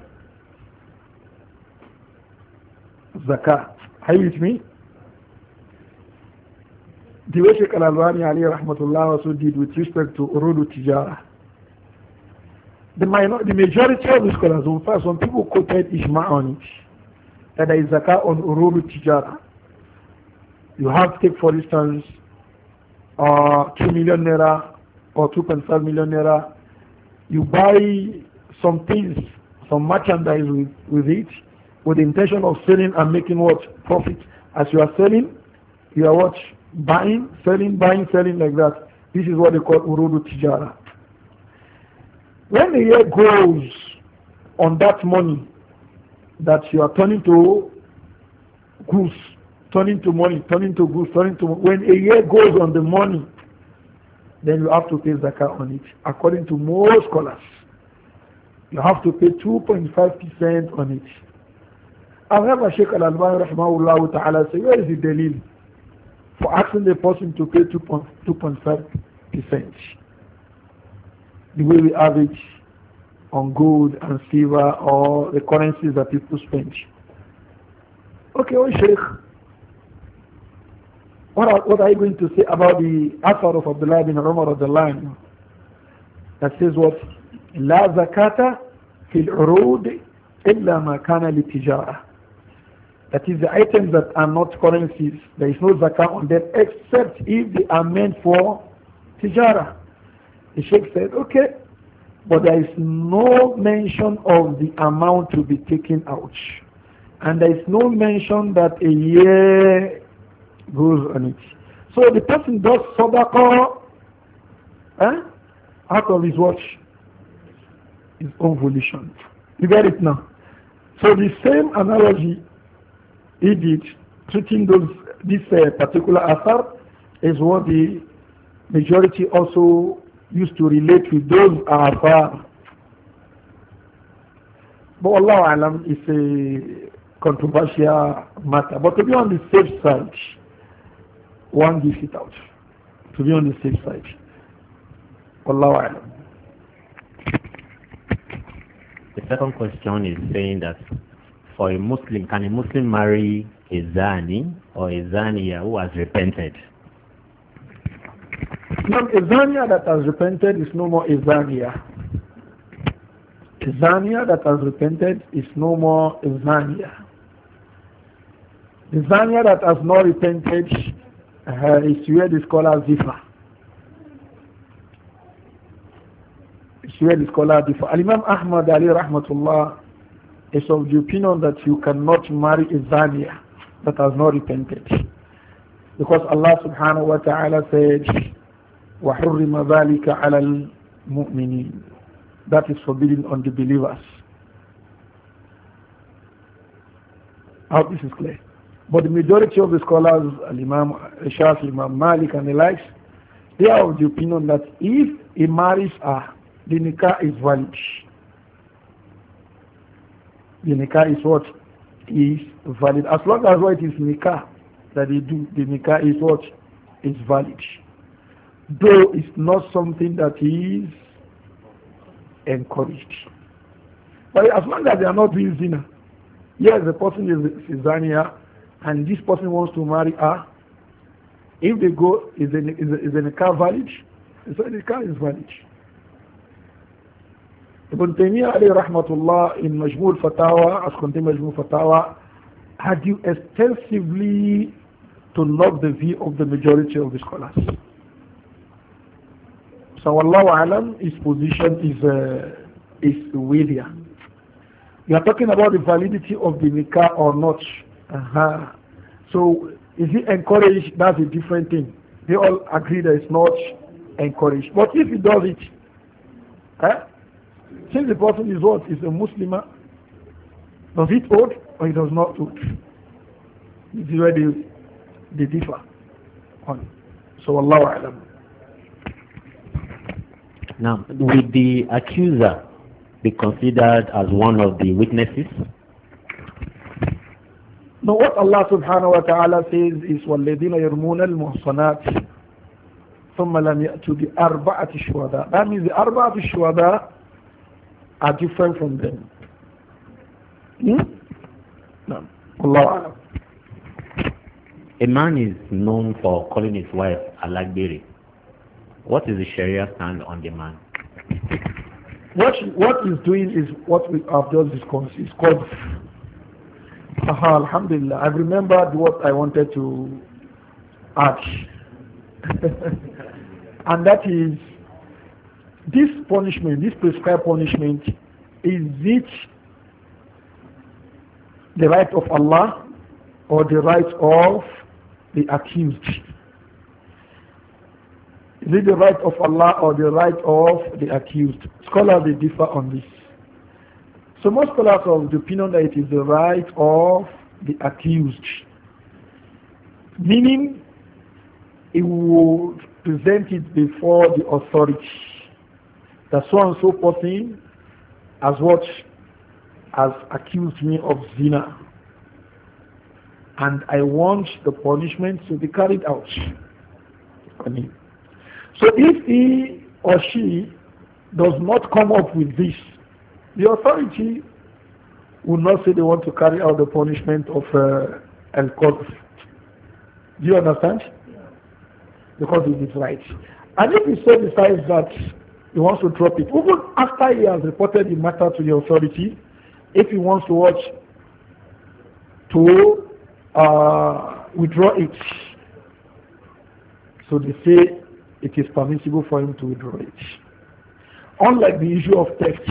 zakat. Are you with me? The way Sheikh Al-Albani Ali Rahmatullah also did with respect to Urudu Tijara. The, minor, the majority of the scholars, in fact, some people quoted Ishma' on it, that there is zakah on Urudu Tijara. You have to take, for instance, uh, 2 million naira or 2.5 million naira, you buy some things, some merchandise with, with it, with the intention of selling and making what? Profit. As you are selling, you are what? Buying, selling, buying, selling like that. This is what they call urudu tijara. When the year goes on that money that you are turning to goods, turning to money, turning to goods, turning to when a year goes on the money then you have to pay zakah on it. According to most scholars, you have to pay 2.5% on it. However, Sheikh Al-Albani rahmahullah ta'ala say, where is the delil for asking the person to pay 2.5%? The way we have it on gold and silver or the currencies that people spend. Okay, oh Sheikh, what are, what are you going to say about the author of Abdullah bin Umar of the line that says what? لا زكاة في العروض إلا ما كان للتجارة That is the items that are not currencies. There is no zakat on them except if they are meant for tijara. The sheikh said, okay, but there is no mention of the amount to be taken out. And there is no mention that a year goes on it. So the person does sadaqah eh, out of his watch, his own volition. You get it now? So the same analogy he did, treating those, this uh, particular asar is what the majority also used to relate with those asar. But Allah Alam is a controversial matter. But to be on the safe side, one gives it out to be on the safe side. Allah alam. The second question is saying that for a Muslim, can a Muslim marry a Zani or a Zania who has repented? Now, a Zania that has repented is no more a Zania. A Zania that has repented is no more a Zania. The Zania that has not repented uh, it's where the scholars differ. It's where the scholars differ. Al Imam Ahmad Ali Rahmatullah is of the opinion that you cannot marry a Zania that has not repented. Because Allah subhanahu wa ta'ala said, وَحُرِّمَ ذَلِكَ عَلَى الْمُؤْمِنِينَ That is forbidden on the believers. I hope this is clear. But the majority of the scholars, Imam Shaf, Imam Malik and the likes, they are of the opinion that if a marriage ah, the nikah is valid. The nikah is what is valid. As long as what is nikah that they do, the nikah is what is valid. Though it's not something that is encouraged. But as long as they are not doing zina, yes, the person is, is zania, and this person wants to marry her, if they go, is the, is the, is the nikah valid? So the nikah is valid. Ibn Taymiyyah alayhi rahmatullah in Majmul Fatawa, as contained Majmul Fatawa, had you extensively to love the view of the majority of the scholars. So Allah alam, his position is uh, is weightier. You are talking about the validity of the nikah or not. Uh -huh. So is it encouraged? That's a different thing. They all agree that it's not encouraged. But if he does it, eh? since the person is what is a Muslim, eh, does it hold or he does not hold? This is where they, they differ on. So Allah alam. Now, will the accuser be considered as one of the witnesses? Now what Allah subhanahu wa ta'ala says is وَالَّذِينَ يَرْمُونَ الْمُحْصَنَاتِ ثُمَّ لَمْ يَأْتُوا بِأَرْبَعَةِ شُهَدَاءَ That means the أَرْبَعَةِ شُهَدَاء are different from them. Hmm? No. Allah. A man is known for calling his wife Alagbere. What is the Sharia stand on the man? What, what he's doing is what we have just discussed. It's called Aha, uh-huh, alhamdulillah. I remembered what I wanted to ask. and that is this punishment, this prescribed punishment, is it the right of Allah or the right of the accused? Is it the right of Allah or the right of the accused? Scholars differ on this. So most scholars of the opinion that it is the right of the accused, meaning he will present it before the authority. That so and so person has what has accused me of zina, and I want the punishment to be carried out I mean, So if he or she does not come up with this the authority will not say they want to carry out the punishment of uh, al-qadr. Do you understand? Because it is right. And if he so decides that he wants to drop it, even after he has reported the matter to the authority, if he wants to watch to uh, withdraw it, so they say it is permissible for him to withdraw it. Unlike the issue of text,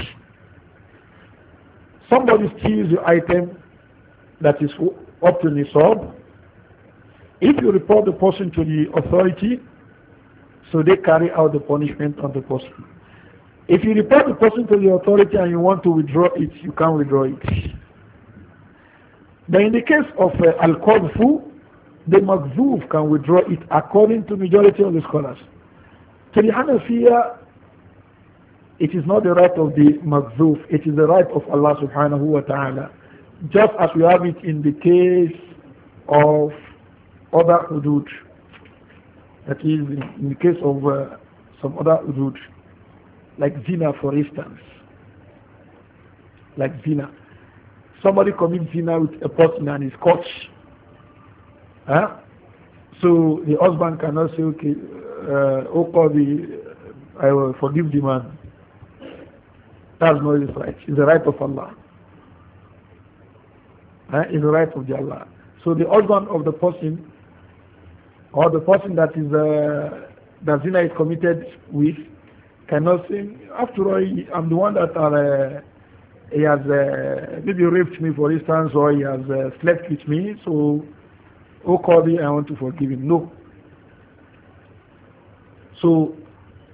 Somebody steals the item that is up to Nisab. If you report the person to the authority, so they carry out the punishment on the person. If you report the person to the authority and you want to withdraw it, you can withdraw it. But in the case of uh, Al-Qadfu, the Magzuf can withdraw it according to majority of the scholars. To the Hanafiya, it is not the right of the mazuf. It is the right of Allah subhanahu wa ta'ala. Just as we have it in the case of other hudud. That is in the case of uh, some other hudud. Like zina for instance. Like zina. Somebody commits zina with a person and is caught. Huh? So the husband cannot say, okay, uh, okay, oh, I will forgive the man. That's not his right. It's the right of Allah. Uh, it's the right of the Allah. So the organ of the person or the person that is uh, that zina is committed with cannot say, after all, I'm the one that are, uh, he has uh, maybe raped me, for instance, or he has uh, slept with me, so, oh, Kobe, I want to forgive him. No. So,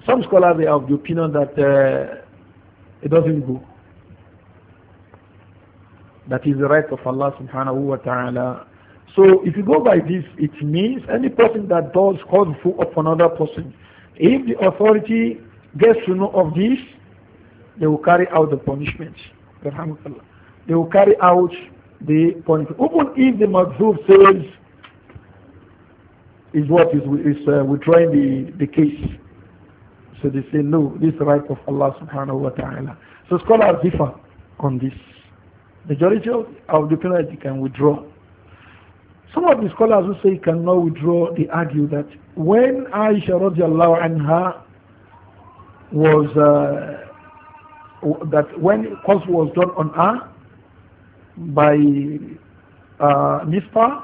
some scholars are have the opinion that uh, it doesn't go. That is the right of Allah subhanahu wa ta'ala. So if you go by this, it means any person that does harmful of another person, if the authority gets to know of this, they will carry out the punishment. They will carry out the punishment. Even if the Maghrub says is what is, is uh, withdrawing the, the case, so they say, no, this right of Allah subhanahu wa ta'ala. So scholars differ on this. Majority of, of the penalty can withdraw. Some of the scholars who say cannot withdraw, they argue that when Aisha radiallahu anha was, uh, that when cause was done on her by uh,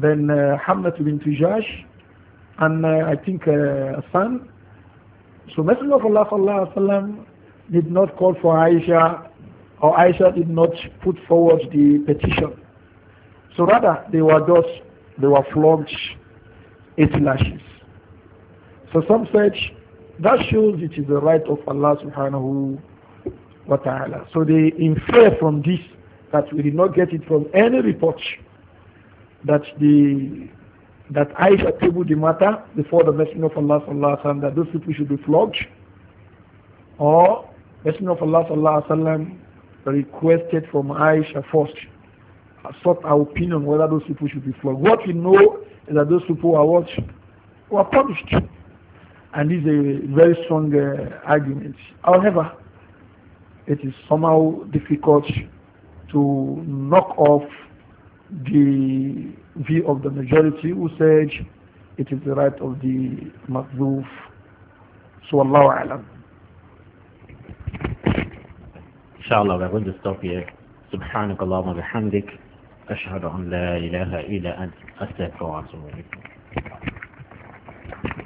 then uh, Hamlet bin Tujash, and uh, I think uh, son, so Messenger of Allah sallallahu did not call for Aisha or Aisha did not put forward the petition. So rather they were just they were flogged eight lashes. So some said that shows it is the right of Allah subhanahu wa ta'ala. So they infer from this that we did not get it from any report that the that Aisha tabled the matter before the Messenger of Allah sallallahu alaihi wasallam that those people should be flogged, or Messenger of Allah sallallahu alaihi wasallam requested from Aisha first sought our opinion whether those people should be flogged. What we know is that those people are watched, were punished, and this is a very strong uh, argument. However, it is somehow difficult to knock off the view of the majority who said it is the right of the Maghduf. So Allahu Alam. Inshallah, we're going to stop here. سبحانك اللهم وبحمدك أشهد أن لا إله إلا أنت أستغفرك وأتوب إليك